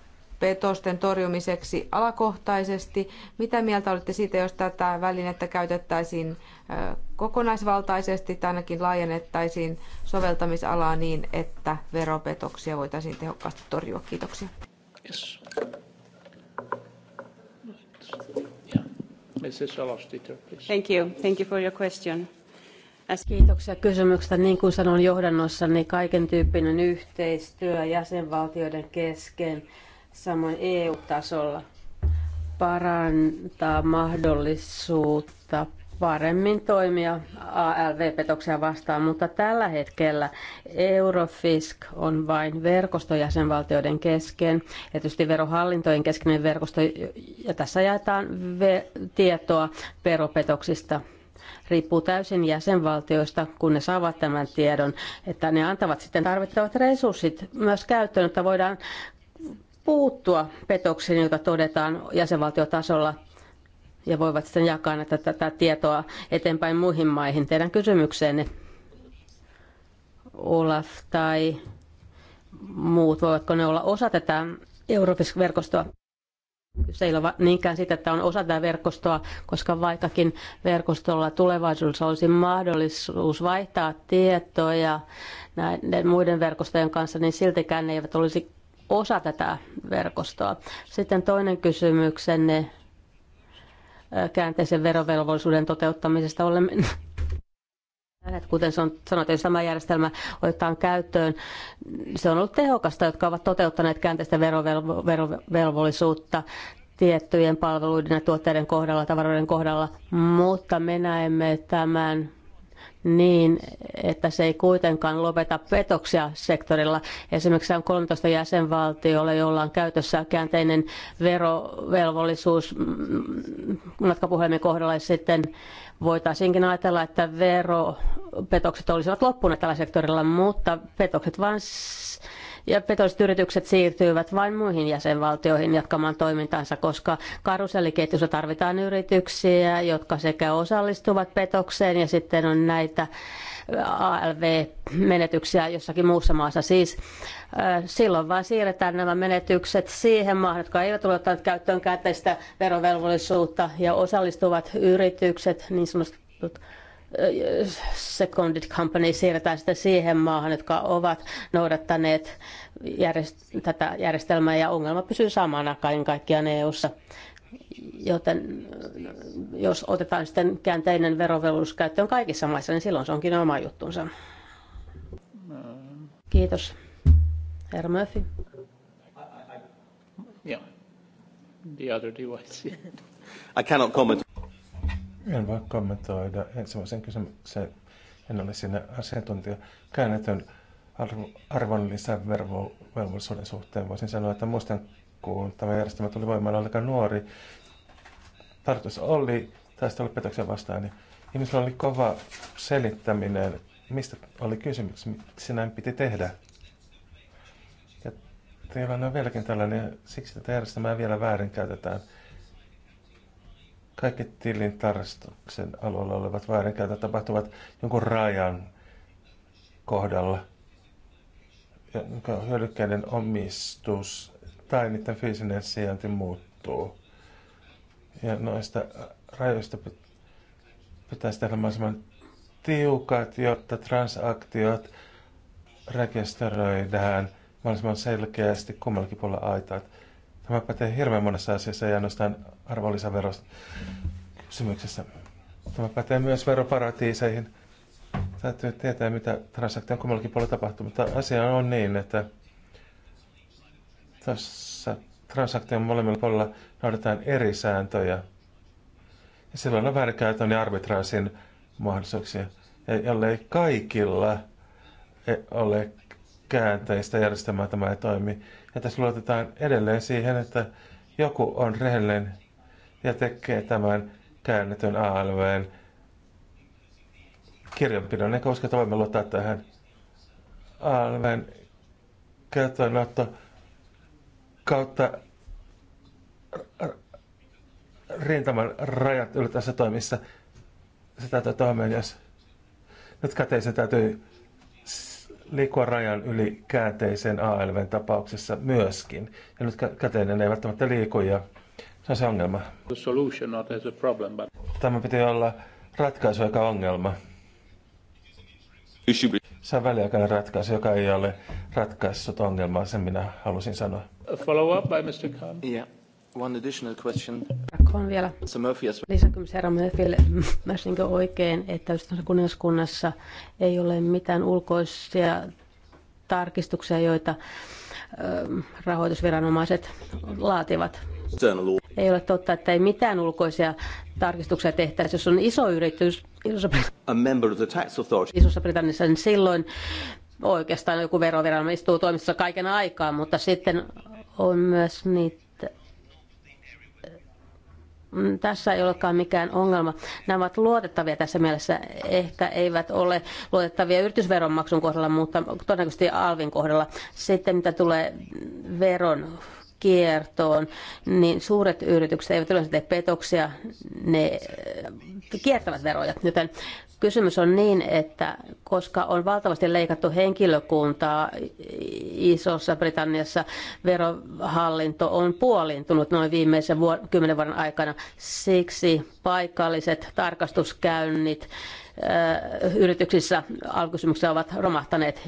petosten torjumiseksi alakohtaisesti. Mitä mieltä olette siitä, jos tätä välinettä käytettäisiin kokonaisvaltaisesti tai ainakin laajennettaisiin soveltamisalaa niin, että veropetoksia voitaisiin tehokkaasti torjua. Kiitoksia. Yes. Thank you. Thank you for your question. Kiitoksia kysymyksestä. Niin kuin sanon johdannossa, niin kaiken tyyppinen yhteistyö jäsenvaltioiden kesken, samoin EU-tasolla, parantaa mahdollisuutta paremmin toimia ALV-petoksia vastaan, mutta tällä hetkellä Eurofisk on vain verkostojäsenvaltioiden kesken, ja tietysti verohallintojen keskeinen verkosto, ja tässä jaetaan tietoa veropetoksista riippuu täysin jäsenvaltioista, kun ne saavat tämän tiedon, että ne antavat sitten tarvittavat resurssit myös käyttöön, että voidaan puuttua petoksiin, joita todetaan jäsenvaltiotasolla ja voivat sitten jakaa näitä, tätä tietoa eteenpäin muihin maihin. Teidän kysymykseenne, Olaf tai muut, voivatko ne olla osa tätä Eurofis-verkostoa? Se ei ole niinkään sitä, että on osa tätä verkostoa, koska vaikkakin verkostolla tulevaisuudessa olisi mahdollisuus vaihtaa tietoja näiden muiden verkostojen kanssa, niin siltikään ne eivät olisi osa tätä verkostoa. Sitten toinen kysymyksenne käänteisen verovelvollisuuden toteuttamisesta. Olemme Kuten sanottu, jos tämä järjestelmä otetaan käyttöön, se on ollut tehokasta, jotka ovat toteuttaneet käänteistä verovelvollisuutta tiettyjen palveluiden ja tuotteiden kohdalla, tavaroiden kohdalla, mutta me näemme tämän niin, että se ei kuitenkaan lopeta petoksia sektorilla. Esimerkiksi on 13 jäsenvaltiolla, jolla on käytössä käänteinen verovelvollisuus mm, matkapuhelimen kohdalla ja sitten voitaisiinkin ajatella, että veropetokset olisivat loppuneet tällä sektorilla, mutta petokset vain ja petolliset yritykset siirtyivät vain muihin jäsenvaltioihin jatkamaan toimintansa, koska karuselliketjussa tarvitaan yrityksiä, jotka sekä osallistuvat petokseen ja sitten on näitä ALV-menetyksiä jossakin muussa maassa. Siis äh, silloin vaan siirretään nämä menetykset siihen maahan, jotka eivät ole ottaneet käyttöön käteistä verovelvollisuutta ja osallistuvat yritykset, niin sanotut seconded company siirretään sitten siihen maahan, jotka ovat noudattaneet järjest- tätä järjestelmää ja ongelma pysyy samana kaiken kaikkiaan EU-ssa. Joten jos otetaan sitten käänteinen verovelvollisuus käyttöön kaikissa maissa, niin silloin se onkin oma juttunsa. Kiitos. Herra Murphy. I, I, I, yeah. The other device. I cannot comment. En voi kommentoida ensimmäisen kysymyksen. En ole siinä asiantuntija. Käännetön arvonlisäverovelvollisuuden suhteen voisin sanoa, että muistan kun tämä järjestelmä tuli voimaan aika nuori. tartus oli tästä oli petoksen vastaan, niin ihmisillä oli kova selittäminen, mistä oli kysymys, miksi näin piti tehdä. Ja tilanne on vieläkin tällainen, siksi tätä järjestelmää vielä väärinkäytetään – kaikki tilin tarkastuksen alueella olevat väärinkäytöt tapahtuvat jonkun rajan kohdalla, jonka hyödykkeiden omistus tai niiden fyysinen sijainti muuttuu. Ja noista rajoista pitäisi tehdä mahdollisimman tiukat, jotta transaktiot rekisteröidään mahdollisimman selkeästi kummallakin puolella aitaa. Tämä pätee hirveän monessa asiassa, ei ainoastaan arvonlisäverosta kysymyksessä. Tämä pätee myös veroparatiiseihin. Täytyy tietää, mitä transaktion kummallakin puolella tapahtuu, mutta asia on niin, että tässä transaktion molemmilla puolella noudatetaan eri sääntöjä. Ja silloin on väärinkäytön ja arbitraasin mahdollisuuksia. Ja jollei kaikilla e- ole käänteistä järjestelmää tämä ei toimi, ja tässä luotetaan edelleen siihen, että joku on rehellinen ja tekee tämän käännetyn ALVn kirjanpidon, eikä usko, että voimme luottaa tähän ALVn käyttöönotto kautta rintaman rajat tässä toimissa. Se täytyy toimia, jos nyt käteisen täytyy liikkua rajan yli käänteisen ALVn tapauksessa myöskin. Ja nyt käteinen ei välttämättä liiku ja se on se ongelma. Tämä piti olla ratkaisu eikä ongelma. Se on väliaikainen ratkaisu, joka ei ole ratkaissut ongelmaa, sen minä halusin sanoa. A follow-up by Mr. Khan? Yeah. One additional question. Rakkoon vielä lisäkymys herra Murphylle. Ymmärsinkö oikein, että kuningaskunnassa ei ole mitään ulkoisia tarkistuksia, joita ähm, rahoitusviranomaiset laativat? Ei ole totta, että ei mitään ulkoisia tarkistuksia tehtäisi. Jos on iso yritys Isossa Britanniassa, niin silloin oikeastaan joku veroviranomainen istuu toimistossa kaiken aikaa, mutta sitten on myös niitä Mm, tässä ei olekaan mikään ongelma. Nämä ovat luotettavia tässä mielessä, ehkä eivät ole luotettavia yritysveronmaksun kohdalla, mutta todennäköisesti alvin kohdalla. Sitten mitä tulee veron kiertoon, niin suuret yritykset eivät yleensä tee petoksia, ne äh, kiertävät veroja, joten Kysymys on niin, että koska on valtavasti leikattu henkilökuntaa Isossa Britanniassa, verohallinto on puolintunut noin viimeisen vuor- kymmenen vuoden aikana. Siksi paikalliset tarkastuskäynnit yrityksissä alkusymyksissä ovat romahtaneet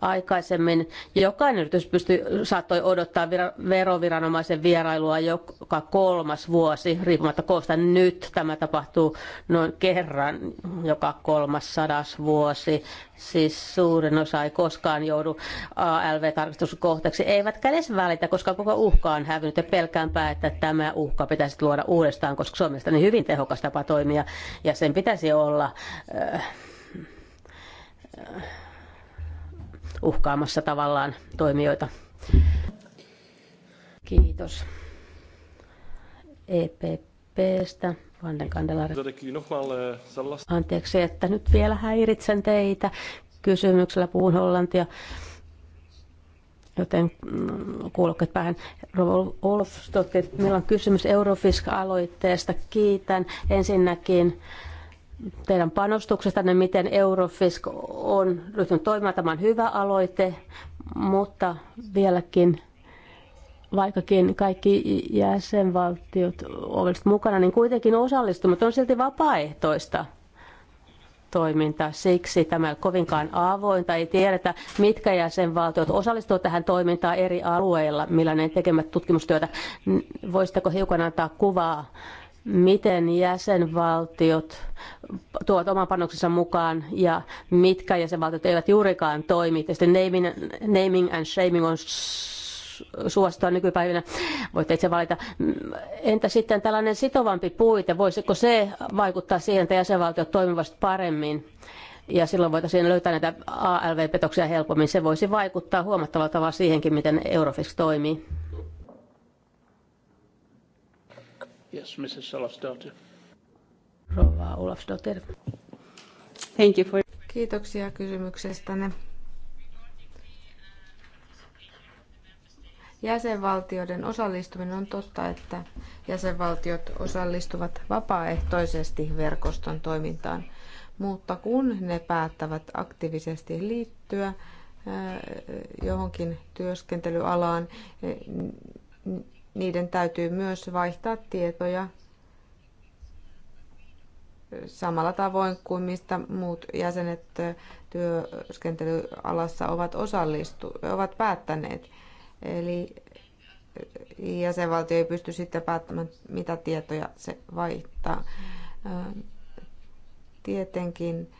Aikaisemmin jokainen yritys pystyi, saattoi odottaa veroviranomaisen vierailua joka kolmas vuosi, riippumatta koosta. Nyt tämä tapahtuu noin kerran joka kolmas sadas vuosi. Siis suurin osa ei koskaan joudu ALV-tarkistuskohteeksi. Eivätkä edes välitä, koska koko uhka on hävinnyt ja pelkäänpä, että tämä uhka pitäisi luoda uudestaan, koska se on mielestäni hyvin tehokas tapa toimia ja sen pitäisi olla... Äh, äh, uhkaamassa tavallaan toimijoita. Kiitos. EPPstä. Anteeksi, että nyt vielä häiritsen teitä. Kysymyksellä puhun hollantia joten mm, kuulokkeet päähän. Olf, meillä on kysymys Eurofisk-aloitteesta. Kiitän ensinnäkin teidän panostuksestanne, miten Eurofisk on ryhtynyt toimimaan. Tämä on hyvä aloite, mutta vieläkin vaikkakin kaikki jäsenvaltiot ovat mukana, niin kuitenkin osallistumat on silti vapaaehtoista toimintaa. Siksi tämä ei ole kovinkaan avointa, ei tiedetä, mitkä jäsenvaltiot osallistuvat tähän toimintaan eri alueilla, millä ne tekemät tutkimustyötä. Voisitteko hiukan antaa kuvaa miten jäsenvaltiot tuovat oman panoksensa mukaan ja mitkä jäsenvaltiot eivät juurikaan toimi. Tietysti naming, naming and shaming on suosittua nykypäivänä. Voitte itse valita. Entä sitten tällainen sitovampi puite, voisiko se vaikuttaa siihen, että jäsenvaltiot toimivat paremmin? Ja silloin voitaisiin löytää näitä ALV-petoksia helpommin. Se voisi vaikuttaa huomattavalla tavalla siihenkin, miten Eurofix toimii. Yes, Mrs. Salafsdottir. Rouva Olafsdottir. Thank you for... Kiitoksia kysymyksestänne. jäsenvaltioiden osallistuminen on totta, että jäsenvaltiot osallistuvat vapaaehtoisesti verkoston toimintaan, mutta kun ne päättävät aktiivisesti liittyä äh, johonkin työskentelyalaan, eh, niiden täytyy myös vaihtaa tietoja samalla tavoin kuin mistä muut jäsenet työskentelyalassa ovat, osallistu, ovat päättäneet. Eli jäsenvaltio ei pysty sitten päättämään, mitä tietoja se vaihtaa. Tietenkin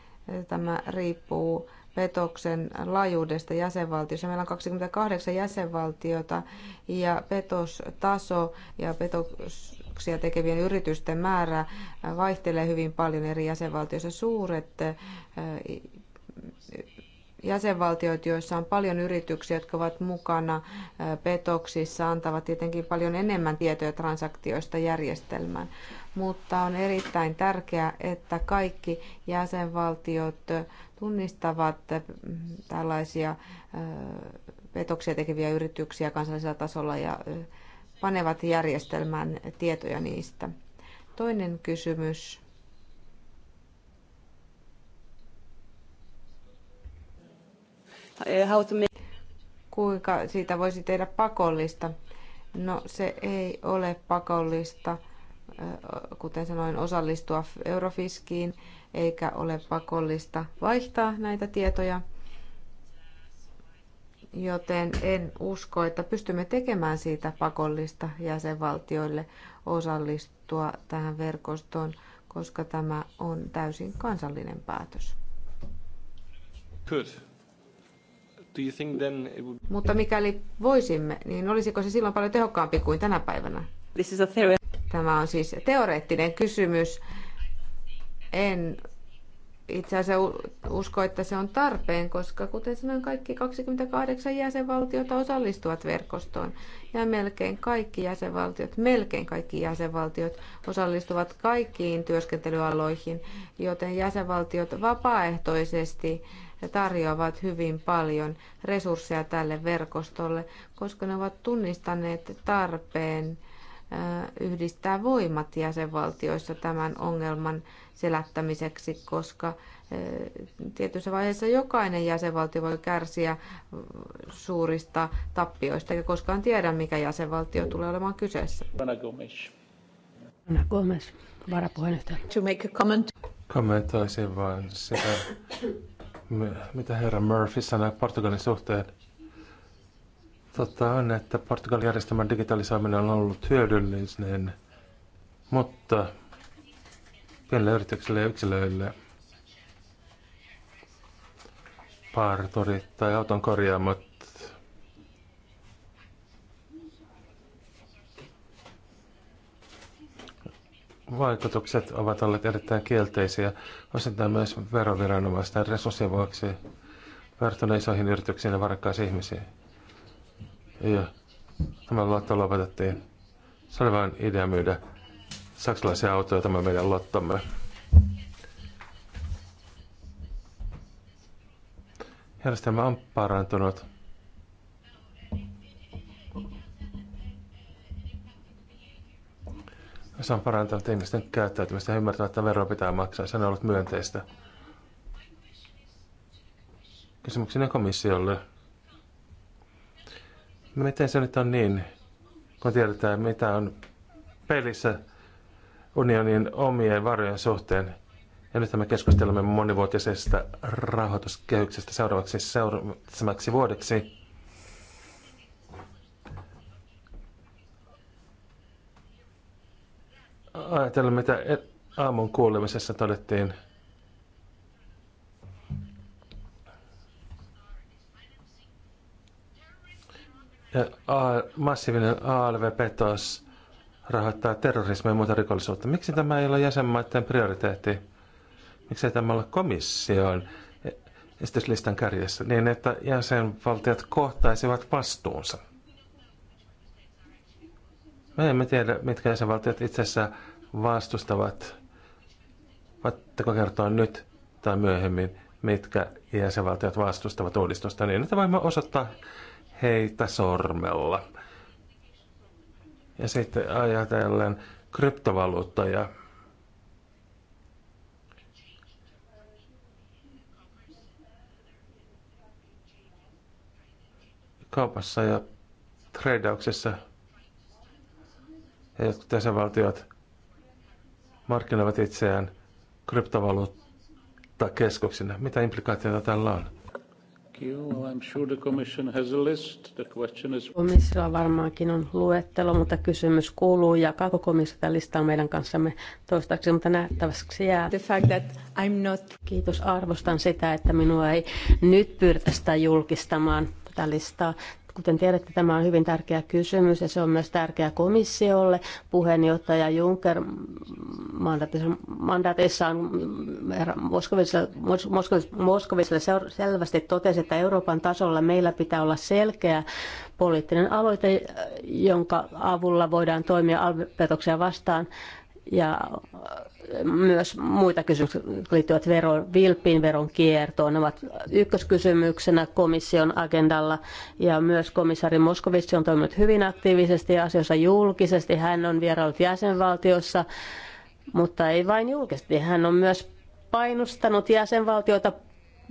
tämä riippuu petoksen laajuudesta jäsenvaltiossa. Meillä on 28 jäsenvaltiota ja petostaso ja petoksia tekevien yritysten määrä vaihtelee hyvin paljon eri jäsenvaltioissa. Suuret eh, jäsenvaltiot, joissa on paljon yrityksiä, jotka ovat mukana eh, petoksissa, antavat tietenkin paljon enemmän tietoja transaktioista järjestelmään. Mutta on erittäin tärkeää, että kaikki jäsenvaltiot tunnistavat mm, tällaisia petoksia tekeviä yrityksiä kansallisella tasolla ja panevat järjestelmään tietoja niistä. Toinen kysymys. Eh, Kuinka siitä voisi tehdä pakollista? No se ei ole pakollista kuten sanoin, osallistua Eurofiskiin, eikä ole pakollista vaihtaa näitä tietoja. Joten en usko, että pystymme tekemään siitä pakollista jäsenvaltioille osallistua tähän verkostoon, koska tämä on täysin kansallinen päätös. Good. Mutta mikäli voisimme, niin olisiko se silloin paljon tehokkaampi kuin tänä päivänä? This is a theory. Tämä on siis teoreettinen kysymys. En itse asiassa usko, että se on tarpeen, koska kuten sanoin, kaikki 28 jäsenvaltiota osallistuvat verkostoon. Ja melkein kaikki jäsenvaltiot, melkein kaikki jäsenvaltiot osallistuvat kaikkiin työskentelyaloihin, joten jäsenvaltiot vapaaehtoisesti tarjoavat hyvin paljon resursseja tälle verkostolle, koska ne ovat tunnistaneet tarpeen yhdistää voimat jäsenvaltioissa tämän ongelman selättämiseksi, koska tietyssä vaiheessa jokainen jäsenvaltio voi kärsiä suurista tappioista, eikä koskaan tiedä, mikä jäsenvaltio tulee olemaan kyseessä. Anna Gomes. Anna Gomes, varapuheenjohtaja. To make a comment. Kommentoisin vain sitä, mitä herra Murphy sanoi Portugalin suhteen – Totta on, että Portugalin järjestelmän digitalisoiminen on ollut hyödyllinen, mutta pienelle yritykselle ja yksilöille parturit tai auton korjaamot vaikutukset ovat olleet erittäin kielteisiä, osittain myös veroviranomaisten resurssien vuoksi verrattuna isoihin yrityksiin ja varakkaisiin ihmisiin. Joo, tämä lotto lopetettiin. Se oli vain idea myydä saksalaisia autoja tämä meidän lottomme. Järjestelmä on parantunut. Se on parantanut ihmisten käyttäytymistä ja ymmärtää, että vero pitää maksaa. Se on ollut myönteistä. Kysymykseni komissiolle. No miten se nyt on niin, kun tiedetään, mitä on pelissä unionin omien varojen suhteen? Ja nyt me keskustelemme monivuotisesta rahoituskehyksestä seuraavaksi seuraavaksi vuodeksi. Ajatellaan, mitä e- aamun kuulemisessa todettiin Ja A, massiivinen ALV-petos rahoittaa terrorismia ja muuta rikollisuutta. Miksi tämä ei ole jäsenmaiden prioriteetti? Miksi tämä ole komission esityslistan kärjessä niin, että jäsenvaltiot kohtaisivat vastuunsa? Me emme tiedä, mitkä jäsenvaltiot itse asiassa vastustavat. Voitteko kertoa nyt tai myöhemmin, mitkä jäsenvaltiot vastustavat uudistusta niin, että voimme osoittaa heitä sormella. Ja sitten ajatellen kryptovaluuttoja. Kaupassa ja treidauksessa ja jotkut jäsenvaltiot markkinoivat itseään kryptovaluuttakeskuksina. Mitä implikaatioita tällä on? you. Well, I'm sure the commission has a list. The question is... Komissiolla varmaankin on luettelo, mutta kysymys kuuluu, jakaako komissio tätä listaa meidän kanssamme toistaiseksi, mutta nähtäväksi jää. The fact that I'm not... Kiitos, arvostan sitä, että minua ei nyt pyydetä sitä julkistamaan tätä listaa. Kuten tiedätte, tämä on hyvin tärkeä kysymys ja se on myös tärkeä komissiolle. Puheenjohtaja Juncker mandaatissaan Moskoviselle, selvästi totesi, että Euroopan tasolla meillä pitää olla selkeä poliittinen aloite, jonka avulla voidaan toimia alvipetoksia vastaan ja myös muita kysymyksiä liittyvät veron, vilppiin veron kiertoon. Ne ovat ykköskysymyksenä komission agendalla ja myös komissaari Moskovitsi on toiminut hyvin aktiivisesti asioissa julkisesti. Hän on vieraillut jäsenvaltioissa, mutta ei vain julkisesti. Hän on myös painostanut jäsenvaltioita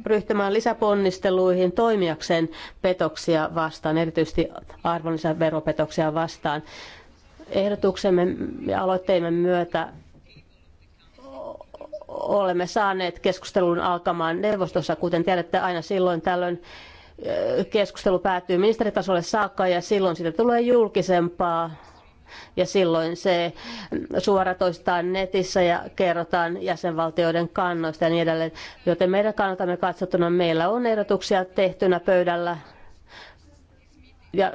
ryhtymään lisäponnisteluihin toimijakseen petoksia vastaan, erityisesti arvonlisäveropetoksia vastaan. Ehdotuksemme ja aloitteemme myötä olemme saaneet keskustelun alkamaan neuvostossa, kuten tiedätte aina silloin tällöin keskustelu päättyy ministeritasolle saakka ja silloin siitä tulee julkisempaa ja silloin se suoratoistaan netissä ja kerrotaan jäsenvaltioiden kannoista ja niin edelleen. Joten meidän kannaltamme katsottuna meillä on ehdotuksia tehtynä pöydällä ja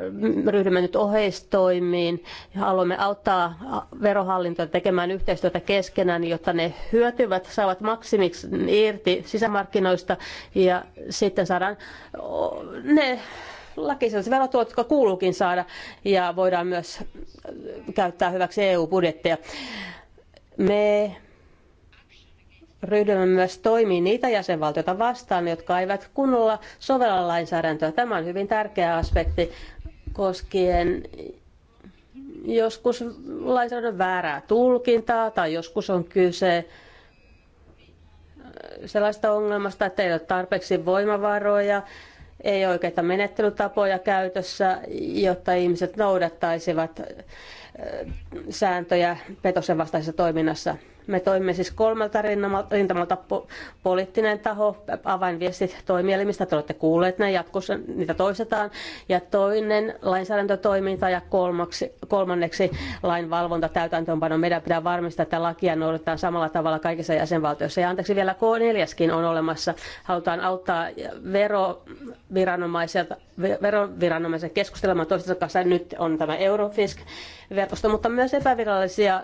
ryhdymme nyt oheistoimiin ja haluamme auttaa verohallintoa tekemään yhteistyötä keskenään, jotta ne hyötyvät, saavat maksimiksi irti sisämarkkinoista ja sitten saadaan ne lakisellisen verotulot, jotka kuuluukin saada, ja voidaan myös käyttää hyväksi eu budjettia. Me ryhdymme myös toimiin niitä jäsenvaltioita vastaan, jotka eivät kunnolla sovella lainsäädäntöä. Tämä on hyvin tärkeä aspekti koskien joskus lainsäädännön väärää tulkintaa tai joskus on kyse sellaista ongelmasta, että ei ole tarpeeksi voimavaroja, ei oikeita menettelytapoja käytössä, jotta ihmiset noudattaisivat sääntöjä petosen vastaisessa toiminnassa. Me toimimme siis kolmelta rintamalta poliittinen taho, avainviestit toimielimistä, te olette kuulleet näin jatkossa niitä toistetaan. Ja toinen lainsäädäntötoiminta ja kolmaksi, kolmanneksi lainvalvonta täytäntöönpano. Meidän pitää varmistaa, että lakia noudatetaan samalla tavalla kaikissa jäsenvaltioissa. Ja anteeksi vielä K4kin on olemassa. Halutaan auttaa veroviranomaisilta veroviranomaisen keskustelemaan toistensa kanssa. Nyt on tämä Eurofisk-verkosto, mutta myös epävirallisia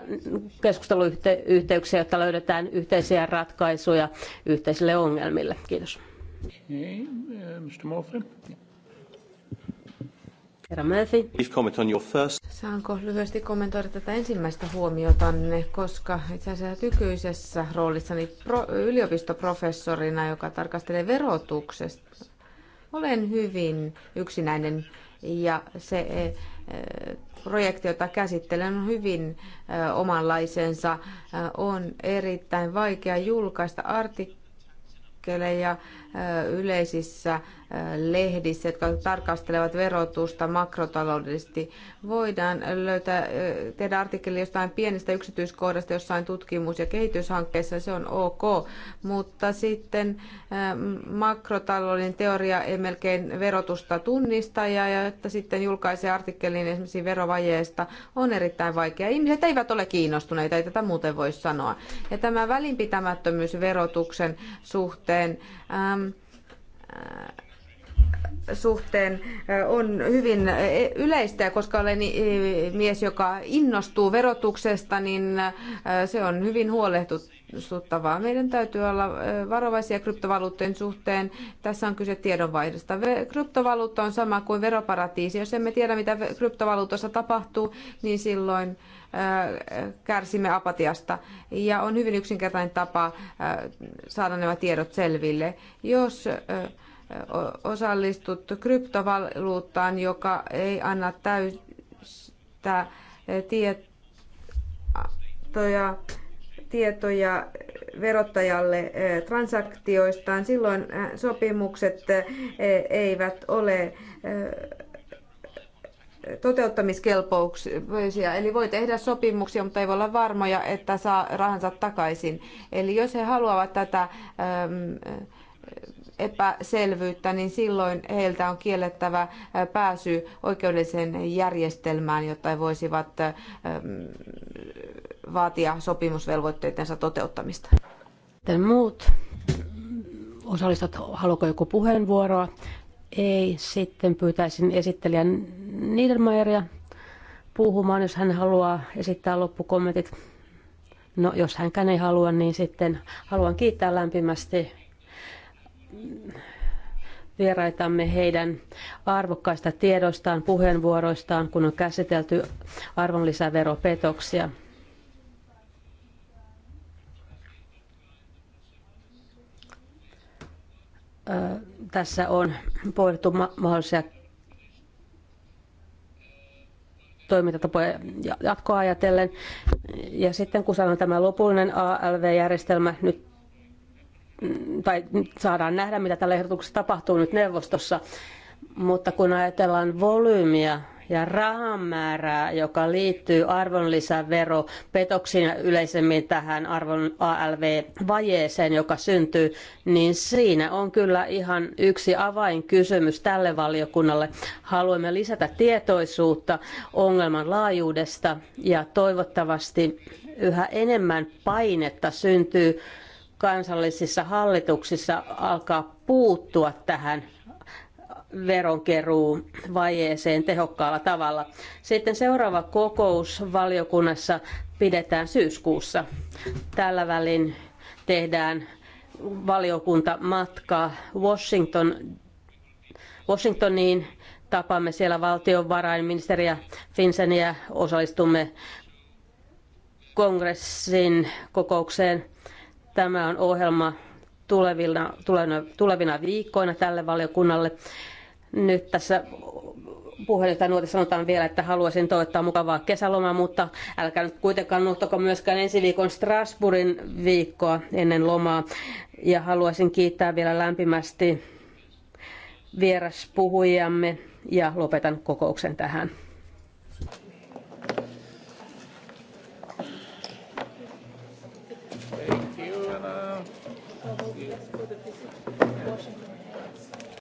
keskusteluyhteyksiä yhteyksiä, jotta löydetään yhteisiä ratkaisuja yhteisille ongelmille. Kiitos. Herra Murphy. Saanko lyhyesti kommentoida tätä ensimmäistä huomiotanne, koska itse asiassa nykyisessä roolissani pro, yliopistoprofessorina, joka tarkastelee verotuksesta, olen hyvin yksinäinen ja se eh, projekti, jota käsittelen, hyvin omanlaisensa. On erittäin vaikea julkaista artikkeleja yleisissä lehdissä, jotka tarkastelevat verotusta makrotaloudellisesti. Voidaan löytää, tehdä artikkeli jostain pienestä yksityiskohdasta jossain tutkimus- ja kehityshankkeessa, se on ok, mutta sitten makrotalouden teoria ei melkein verotusta tunnista ja että sitten julkaisee artikkelin esimerkiksi verovajeesta on erittäin vaikea. Ihmiset eivät ole kiinnostuneita, ei tätä muuten voi sanoa. Ja tämä välinpitämättömyys verotuksen suhteen, ähm, suhteen on hyvin yleistä, koska olen mies, joka innostuu verotuksesta, niin se on hyvin huolehtuttavaa. Meidän täytyy olla varovaisia kryptovaluuttojen suhteen. Tässä on kyse tiedonvaihdosta. Kryptovaluutta on sama kuin veroparatiisi. Jos emme tiedä, mitä kryptovaluutossa tapahtuu, niin silloin kärsimme apatiasta. Ja on hyvin yksinkertainen tapa saada nämä tiedot selville. Jos osallistuttu kryptovaluuttaan, joka ei anna täystä eh, tietoja, tietoja verottajalle eh, transaktioistaan, silloin eh, sopimukset eivät ole toteuttamiskelpoisia. Eli voi tehdä sopimuksia, mutta ei voi olla varmoja, että saa rahansa takaisin. Eli jos he haluavat tätä ehm, epäselvyyttä, niin silloin heiltä on kiellettävä pääsy oikeudelliseen järjestelmään, jotta he voisivat vaatia sopimusvelvoitteidensa toteuttamista. Sitten muut osallistat, haluatko joku puheenvuoroa? Ei, sitten pyytäisin esittelijän Niedermayeria puhumaan, jos hän haluaa esittää loppukommentit. No, jos hänkään ei halua, niin sitten haluan kiittää lämpimästi vieraitamme heidän arvokkaista tiedoistaan, puheenvuoroistaan, kun on käsitelty arvonlisäveropetoksia. Tässä on pohdittu mahdollisia toimintatapoja jatkoa ajatellen. Ja sitten kun saadaan tämä lopullinen ALV-järjestelmä, nyt Mm, tai saadaan nähdä, mitä tällä ehdotuksessa tapahtuu nyt neuvostossa. Mutta kun ajatellaan volyymiä ja rahan määrää, joka liittyy arvonlisävero petoksiin ja yleisemmin tähän arvon ALV-vajeeseen, joka syntyy, niin siinä on kyllä ihan yksi avainkysymys tälle valiokunnalle. Haluamme lisätä tietoisuutta ongelman laajuudesta ja toivottavasti yhä enemmän painetta syntyy kansallisissa hallituksissa alkaa puuttua tähän veronkeruun vajeeseen tehokkaalla tavalla. Sitten seuraava kokous valiokunnassa pidetään syyskuussa. Tällä välin tehdään valiokuntamatka Washington, Washingtoniin. Tapaamme siellä valtiovarainministeriä Finseniä, osallistumme kongressin kokoukseen Tämä on ohjelma tulevina, tulevina, tulevina viikkoina tälle valiokunnalle. Nyt tässä puheenjohtaja nuorten sanotaan vielä, että haluaisin toivottaa mukavaa kesälomaa, mutta älkää nyt kuitenkaan nuhtako myöskään ensi viikon Strasbourgin viikkoa ennen lomaa. Ja haluaisin kiittää vielä lämpimästi vieraspuhujamme ja lopetan kokouksen tähän.